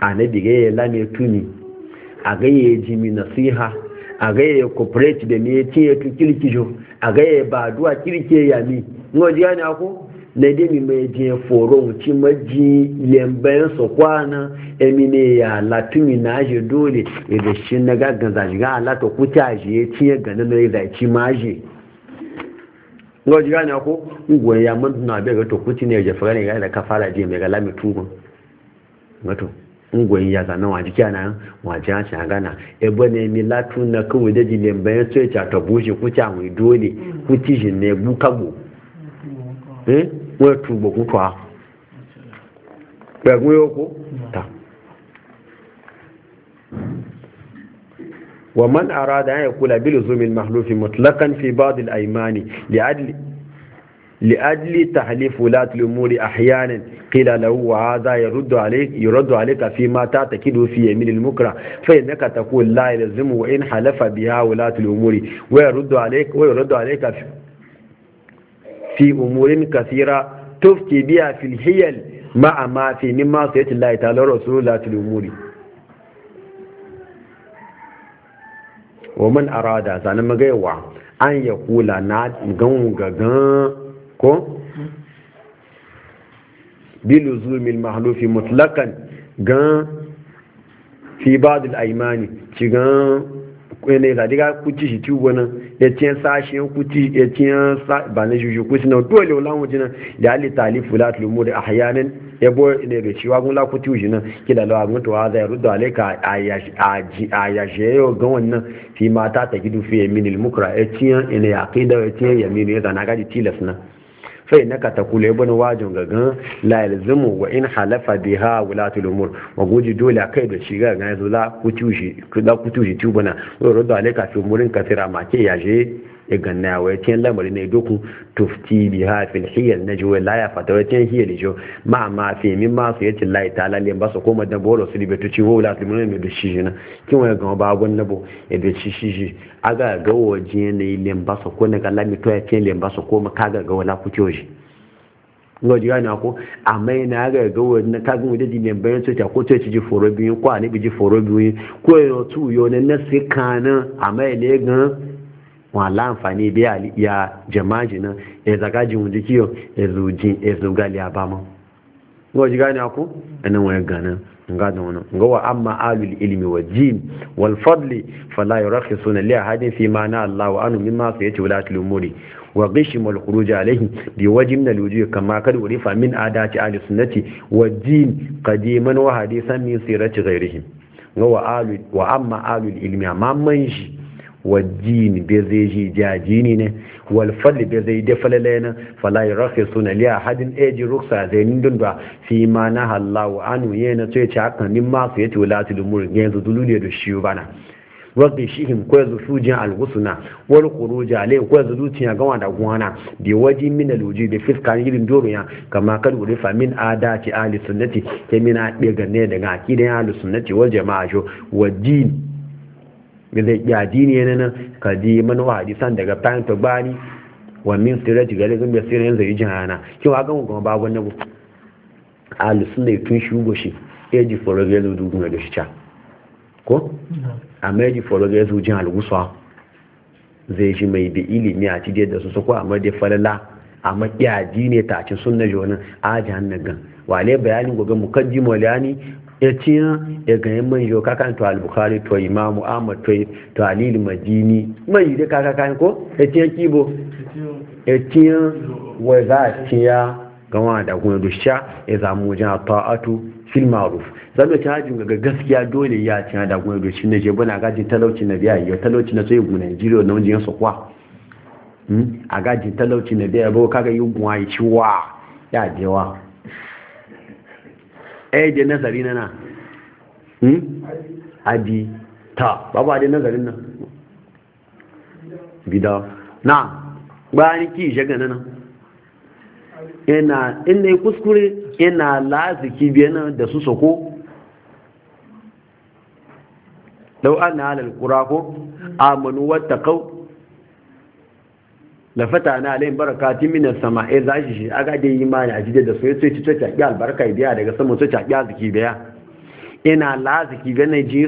anabi ga yela metumi a gaye jimi nasiha a gaye cooperate da ne ce ya kirki jo a gaye ba duwa kirki ya mi ngo ji gane ko na dai mi mai je foro ma maji lemben so kwana ne ya latumi na je dole e da shi na gaggan to shiga alata kuta je ya ciye gani na da ci maji ngo ji gane ko ngwe ya mun na be ga to kuti ne je fara ne ga da kafara ji mai ga lami ngato ungoyin ya zana waje kyana waje ya shiga gana ebe ne mi latu na kawai daji ne bayan so ya ta bushe kuca mai dole kuci shi ne buka bu eh wai tubo kuka gbẹ̀gún yóò ta wa man arada an kula bil zumil mahlufi mutlaqan fi ba'd al aymani li adli لأجل تحليف ولاة الأمور أحيانا قيل له وهذا يرد عليك يرد عليك فيما تعتقد في يمين المكره فإنك تقول لا يلزم وإن حلف بها ولاة الأمور ويرد عليك ويرد عليك في أمور كثيرة تفتي بها في الحيل مع ما في مما سيأتي الله تعالى رسول ولاة الأمور ومن أراد مغيوة أن يقول نعم غنغغن ko bilu zulmil mahlufi mutlakan gan fi ba da aimani ci gan kwene da diga kuci shi ci wani ya tiyan sashen kuci ya tiyan ba na juju kuci na dole wula wuce na da ali talifu la tulumu da ahyanin ya bo ne da ciwa gun la kuti wuce na kila lawa gun to haza ya rudda alaika a yashe yau gan wannan fi mata ta gidu fi yaminil mukra ya tiyan ina ya kai da ya tiyan yaminu ya zana gaji tilas na fai na katakule bani wajin gagan la wa in halafa biha wulatul umur wa guji dole kai da shiga ga yanzu la kutushi la kutushi tubuna wa rudda alayka fi umurin ma ke yaje ya ganna wa yace lamari ne doku tufti biha fil hiyal najwa la ya fata wa yace hiyal jo ma ma fi min ma su yace la ta lalle ba su koma da boro su libe tuci wo la me na kin wa ga ba gon nabo e da shiji aga ga waje ne len ba su ko ne ga lami to yace len ba su koma kaga ga wala kuke lọ́dí wá ní akó àmọ́ iná ara ẹ̀gọ́wọ́ ní kágún ìdíjì ní ẹ̀bẹ̀rẹ̀ tó ti àkótó wala amfani biya ya jamaji nan ya zaga jin wuji kiyo ya zuji ya zugali ya ba mu ga ji gani aku anan waya ganin ga gada wani. ga wa amma alul ilmi wa jin wal fadli fala yurakhisuna li hadin fi ma na Allah wa anu mimma sayati walatul umuri wa ghishim al khuruj alayhi bi wajin al wujuh kama kad fa min adati Ali, sunnati wa jin qadiman wa hadisan min sirati ghairihim ga wa alul wa amma alul ilmi amma man shi والدين بزيجي جاجيني والفضل بزي دفل لنا فلا يرخصون لأحد اجي رخصة زينين دون با فيما نهى الله عنه ينا توي عقنا مما سيتي ولا الأمور ينزو دلولي دشيو بنا wanda shi him ko yanzu sujin alghusna wal khuruja alai ko yanzu zuciya gawa da gwana bi waji min alwuji bi fiska irin doriya kama kan urifa min adati ahli sunnati ke mina daga ne daga akidan ahli sunnati wal ga addini ne na ka ji wa hadisan daga tayin tagbani wa min sirati ga lagun bai sirrin zai jihana ki wa gan kuma ba gwanna go al sunna tun shugo shi eji foro ga zu dugun da shi cha ko mm-hmm. amma eji foro ga zu jin algusa zai shi mai bi ilimi a ti da su su ko amma da falala amma ki addini ta ci sunna jonin a jahannan gan wale bayanin gogan mukaddimu lani ya ciya ya yi manjo kakan to al-bukhari to imamu ahmad to to alil madini mai da kaka kan ko ya ciya kibo ya ciya wa za ciya gama da kuma dusha ya zamu jin ta'atu fil ma'ruf zamu ta hajin ga gaskiya dole ya ciya da kuma dusha ne je bana gajin talauci na biya ya talauci na sai gunan jiro na wajen su kwa hmm? a gajin talauci na biya ba kaga yi wa ya jewa eh da nazari na na hmm ta ta babu da nazarin nan Gida na bayan ki shaga nan ina yi kuskure ina laziki biyan da su soko lau na halar kura ko amanu wata kau lafata na alayhim barakati minas sama'i eh, za shi aga dai imani a jide da so yace ci ta ya albarka biya daga sama ta ya zaki biya ina zaki ga ne ji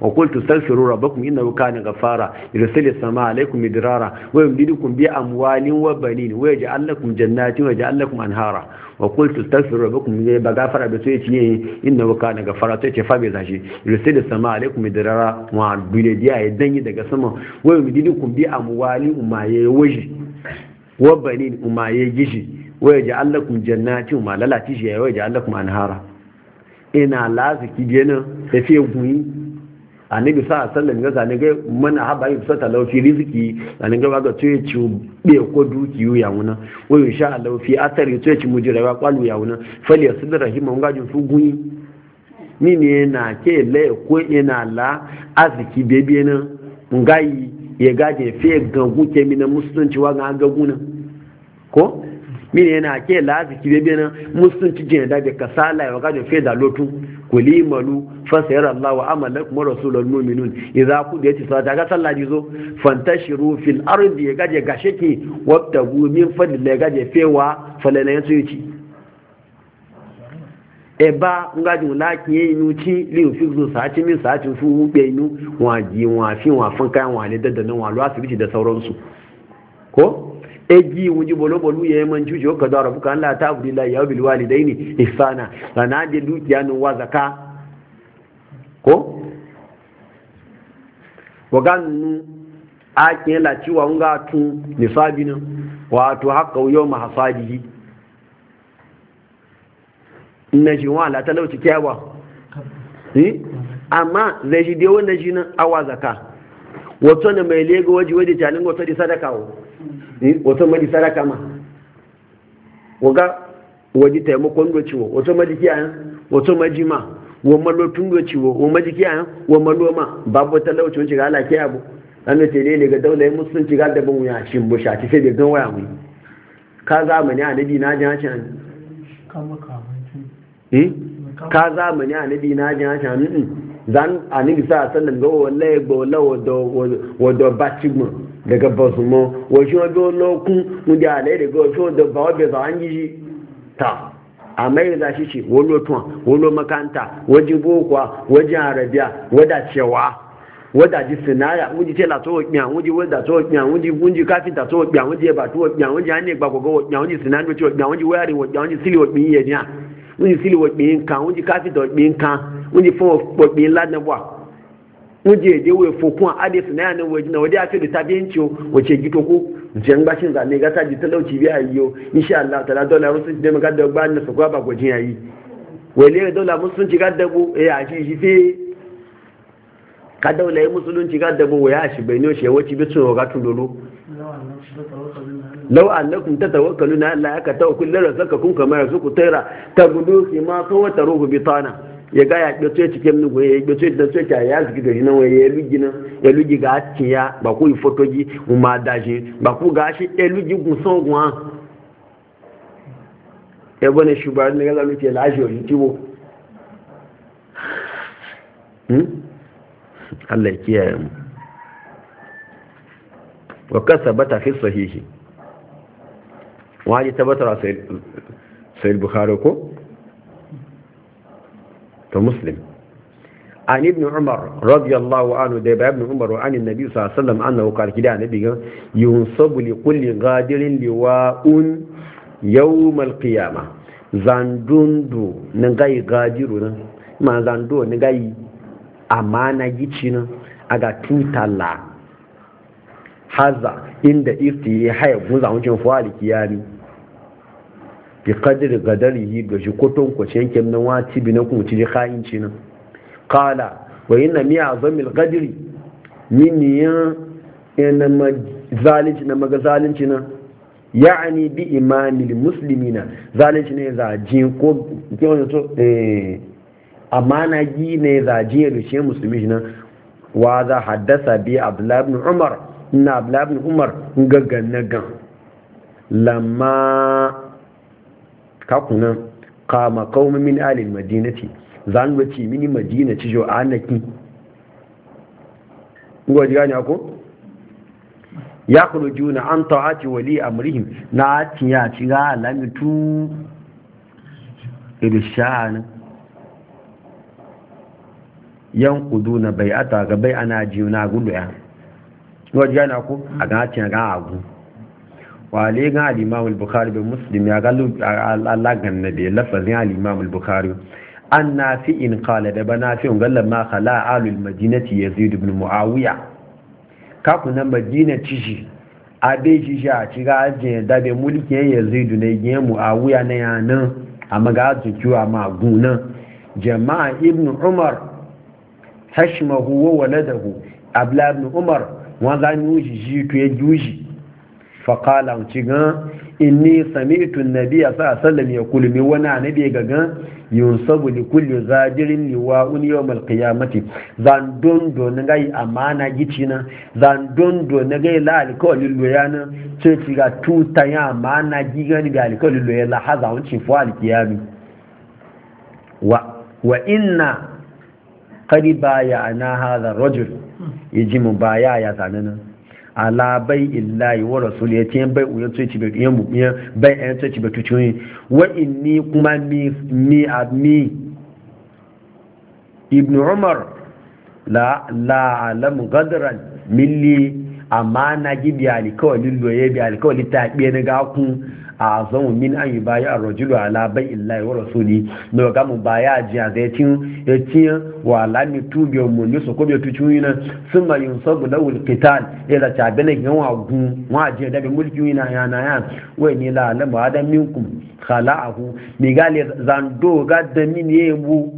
wa qultu astaghfiru rabbakum innahu kana ghafara yursilu samaa alaykum midrara wa yumdidukum bi amwalin wa banin wa yaj'al lakum jannatin wa yaj'al lakum anhara wa qultu astaghfiru rabbakum ya bagafara da sai ce innahu kana ghafara sai ce fa bai zashi yursilu samaa alaykum midrara wa biladiya ya danyi daga sama wa yumdidukum bi amwalin ma ya waji wa banin ya gishi wa yaj'al jannatin ma lalati shi ya yaj'al lakum anhara ina laziki kenan tafiye guyi annabi sa sallan ga zane ga mana haba yi fusata laufi riziki zane ga ga tuye ci be ko dukiyu ya wuna wai insha Allah fi asari tuye ci mujira ba kwalu ya wuna fali yasid rahima ga ju fuguni ni ne na ke le ko ina la aziki bebe na ngai ya gaje fe gangu ke mina musulunci wa ga gaguna ko mini yana ke laziki da bena ci jin da bai kasala ya wakajin da lotu kuli malu yara Allah wa amala kuma rasulul mu'minun za ku da yace ta daga sallah jizo fantashiru fil ardi ya gaje gasheki wabtagu min fadli ya gaje fewa falana yace yace e ba ki laki yin nuci li fi zo sati min sati fu gbe inu wa ji wa fi wa fun kan wa le dadda nan wa lo asibiti da sauransu ko eji wunji bolo bolu ye man juju ka daro bukan la ta abu lillahi ya bil walidaini ihsana sana je dukiya nun wa ko wagan a ke la ciwa nga tu nisabi wa tu hakka yo ma hasadihi na ji wa la talauci kyawa amma zai ji dai wanda shi awa zaka wato ne mai lego waje waje talin wato di sadaka wo wato maji sadaka ma waga waji taimakon do ciwo wato maji kiyaye wato maji ma wa malo tun do ciwo wa maji kiyaye wa malo ma babu talauci wace ga Allah kiya bu annu ce ne daga daular musulunci ga da banwu ya shin bu shati sai da gan waya mu ka zamani nabi na ji hancin hmm? kama ka zamani nabi na ji hancin hmm, hmm. zan annabi sa sallan ga wallahi ba wallahi wa da ba cigma daga basu mo wasu wajen olokun wunde alayi daga shi, wadda ba wabe ba an ta a mai za shi ce wolo tuwa wolo makanta wajen bokwa wajen arabiya wada cewa sinaya wuji tela to wa kyan wuji wada to wa kyan wuji gunji kafinta to wa kyan wuji eba to wa wuji hannu gba kogo wa kyan wuji sinaya to wa wuji wayari wuji sili wa kyan wuji sili kan wuji kan wuji wuje je we fokun a ade suna yana waje na waje a da tabiyanci wace gito ko wace yan bashin zane ga ta ji talauci biya yiyo insha Allah ta'ala dole musun da maka da ba na sakwa ba gwajin yayi wele dole musun ci gadda bu eh a shi shi fe ka yi musulunci gadda bu waya shi bai ne shi wace bi tun ga tun dolo law annakum tatawakkaluna ya ka tawakkul la razaqakum kama razaqu tayra tagudu ma sawata ruhu bitana ya ga ya gbeto cikin nugo ya gbeto da to ta ya ziki da hinan waye lugi nan ya lugi ga tiya ba ku foto ji mu ma daje ba ku ga shi e lugi gun son gun ya bane shubar ne ga lugi la ajo ni tiwo hmm Allah ya kiyaye mu wa kasabata fi sahihi Wani ji tabbatar sai sai bukhari ko ta muslim عن ابن عمر رضي الله عنه ده ابن عمر وعن النبي صلى الله عليه وسلم أنه قال كده النبي ينصب لكل غادر لواء يوم القيامة زندوندو نغاي غادرنا ما زندو نغاي tutalla haza inda irti ya haya gunza wajen fuwa bi qadri qadarihi ga shi ko shenken nan wati na kuma ciji khayin ci nan qala wa inna mi azamil qadri min ya ina ma zalunci na maga zalunci nan ya'ani bi imamil muslimina zalunci ne za jin ko kiyon to eh amana gi ne za jin da wa za haddasa bi abdullah ibn umar ina umar lamma kakunan kama kaumin min alil madinati zan wace mini madina ci jo anaki ngo ji gani ko ya juna an ta'ati wali amrihim na ati ya ci ga lamitu irshan yan kuduna bai'ata ga bai ana jiuna gulu ya ngo ji gani ko a ga ati ga agu wale gan al-imam al-bukhari bin muslim ya ga Allah ganna da lafazin al-imam al-bukhari an in qala da fi gallan ma khala alul madinati yazid ibn muawiya ka nan madina ciji abe shi a ci ga ajin da be mulki yazid ne yan muawiya ne yana amma ga kiwa ma gunan jama'a ibn umar tashmahu wa waladahu abla ibn umar wa zan yuji ji to ya juji faƙala ci gan inni sami'tun nabiya sa sallam ya kulmi wani biya ga gan yunsabu li kulli zajirin liwa'un yawmal qiyamati zan dondo na gai amana gici na zan dondo na gai la alkawli loya na ce ci ga tuta ya amana gigan ga alkawli loya la haza wuce fu alkiyami wa wa inna qad baya ana hadha rajul yaji mu baya ya zanana ala bai illahi wa rasul ya tiyan bai uyan tsoci bai uyan bubiya bai yan tsoci bai tuci wa inni kuma mi mi abmi ibn umar la la alam gadran milli amma na gibi alikawali loye bi alikawali ta biye na gakun a min an yi baya a rajulu ala bai illahi wa rasuli no ga mu baya ji a zai cin ya ciyan wa lami tubiyo mu ni ko bi tu ciwi na sun ma yin sabu na wulkitan ya da cabe na yan wa ji da bi mulki wina ya na ya wai ni la da min minkum khala'ahu mi zan do ga da min ye bu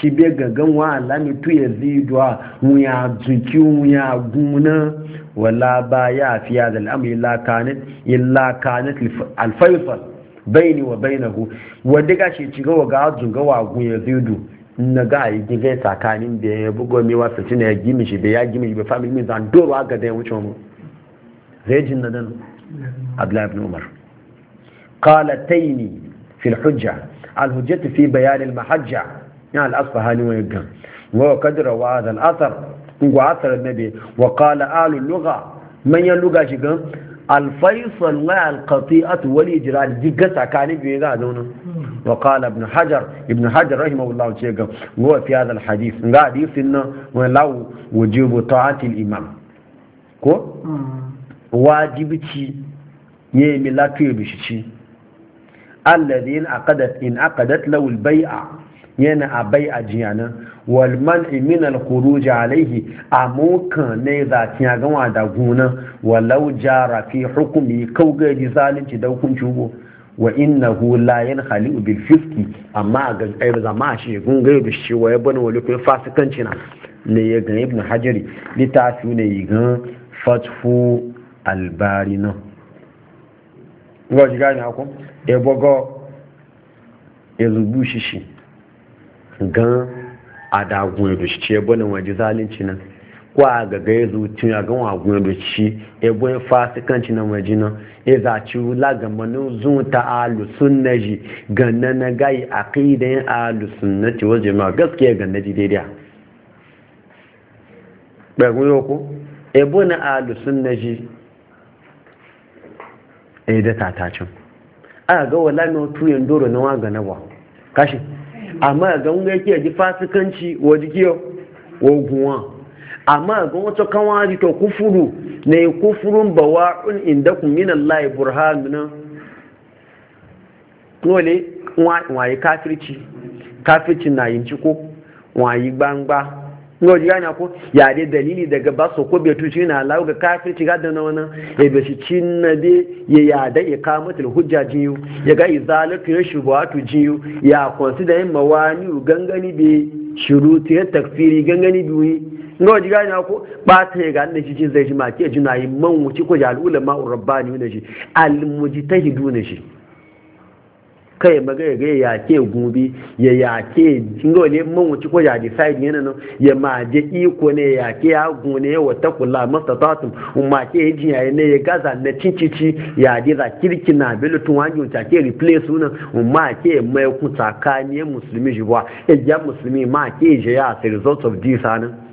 ci be gangan wa lami tu ye zidwa mu ya zuki mu ya na? wala ba ya fi ya zal illa kanat illa kanat al faisal baini wa bainahu wanda ga shi ciga wa ga zunga wa gun ya zidu na ga yi gige tsakanin da ya bugo mi wa fitin ya gimi shi da ya gimi shi ba family min zan doro aga da ya wuce mu zai jin da nan abdullahi ibn umar qalataini fi al hujja al hujjatu fi bayan al mahajja ya al asfahani wa yagan wa qad rawa al athar ngwa nabi wa qala alu lugha manyan luga shiga alfaisal wa alqati'atu wal ijral diga tsakanin biyu ga zauna wa qala ibn hajar ibn hajar rahimahullah ce ga wa fi hadha alhadith ga hadisin nan ci akadat in akadat baia yana a bai a jiyanin walman iminal kuruji alaihi a mukan ne za a gama da gunan walau jara fi hukumi kau gari zalunci da hukunci go wa inna hu la yan khali'u bil fiski amma ga zama a shi gun da shi ya bani wali kai fasikanci na ne ya ga ibn hajari litafi ne yi gan fathu albari na gani e bogo gan adagun ya doshi ce bane waje zalunci nan ko a gaga ya zuci ya gan wagun ya doshi ya bane fasikanci na waje nan ya ga manu zun ta alu ji ganna na gayi aqidan alu sunnati wal jamaa gaskiya ganna ji daidai ba gun yoko ya bane alu ji ya eh, da tatacin a ga wala mai tuyen doro na wa ga na wa kashi amma ga wunga yake ji fasikanci wa jikiyo wa guwa amma ga wata kawo ji to kufuru ne kufurun bawa'un indakum min Allah na dole waye kafirci kafirci na yin ciko waye gbangba ngo ji ganya ko ya dai dalili daga ba ko bai tushe na lawo ga kafirci ga dana wannan ya e bai shi cin na bi ya ya da ya hujja jiyu ya ga izalatu ya tu jiyu ya da yin mawani gangani shiru ta ya takfiri gangani biyu ngo ji ganya ko ba ta ga da shi cin zai shi ma ke jina yi man wuce ko jalul ma'ur rabbani ne shi al mujtahidu ne shi kai magana ga ya ke gubi ya ya ke ne mun wuce ko ya side ne nan ya ma je iko ne ya ke ya gune wa takula mastatatum umma ke ji ya ne ya gaza na cicici ya ji za kirki na belutun wani ta ke replace sunan umma ke mai ku tsakani musulmi jiwa ya musulmi ma ke je ya as a result of this anan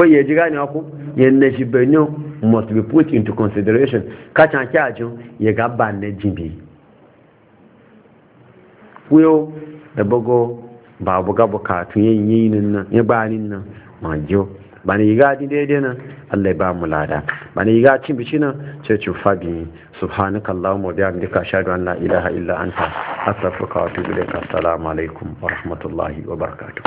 ko ya ji ganewa ku yadda shi benin must be put into consideration kacan kyajin ya gaba na kuyo da bago ba buga yẹ yin yi nan ya banin nan ma jiyo ba na yiga di daidai na allah ba mu lada ba na yiga cin bici na sai fabi subhanaka allahumma wa bihamdika shaidu an la ilaha illa anta astaghfiruka wa atubu ilaik assalamu alaikum wa rahmatullahi wa barakatu.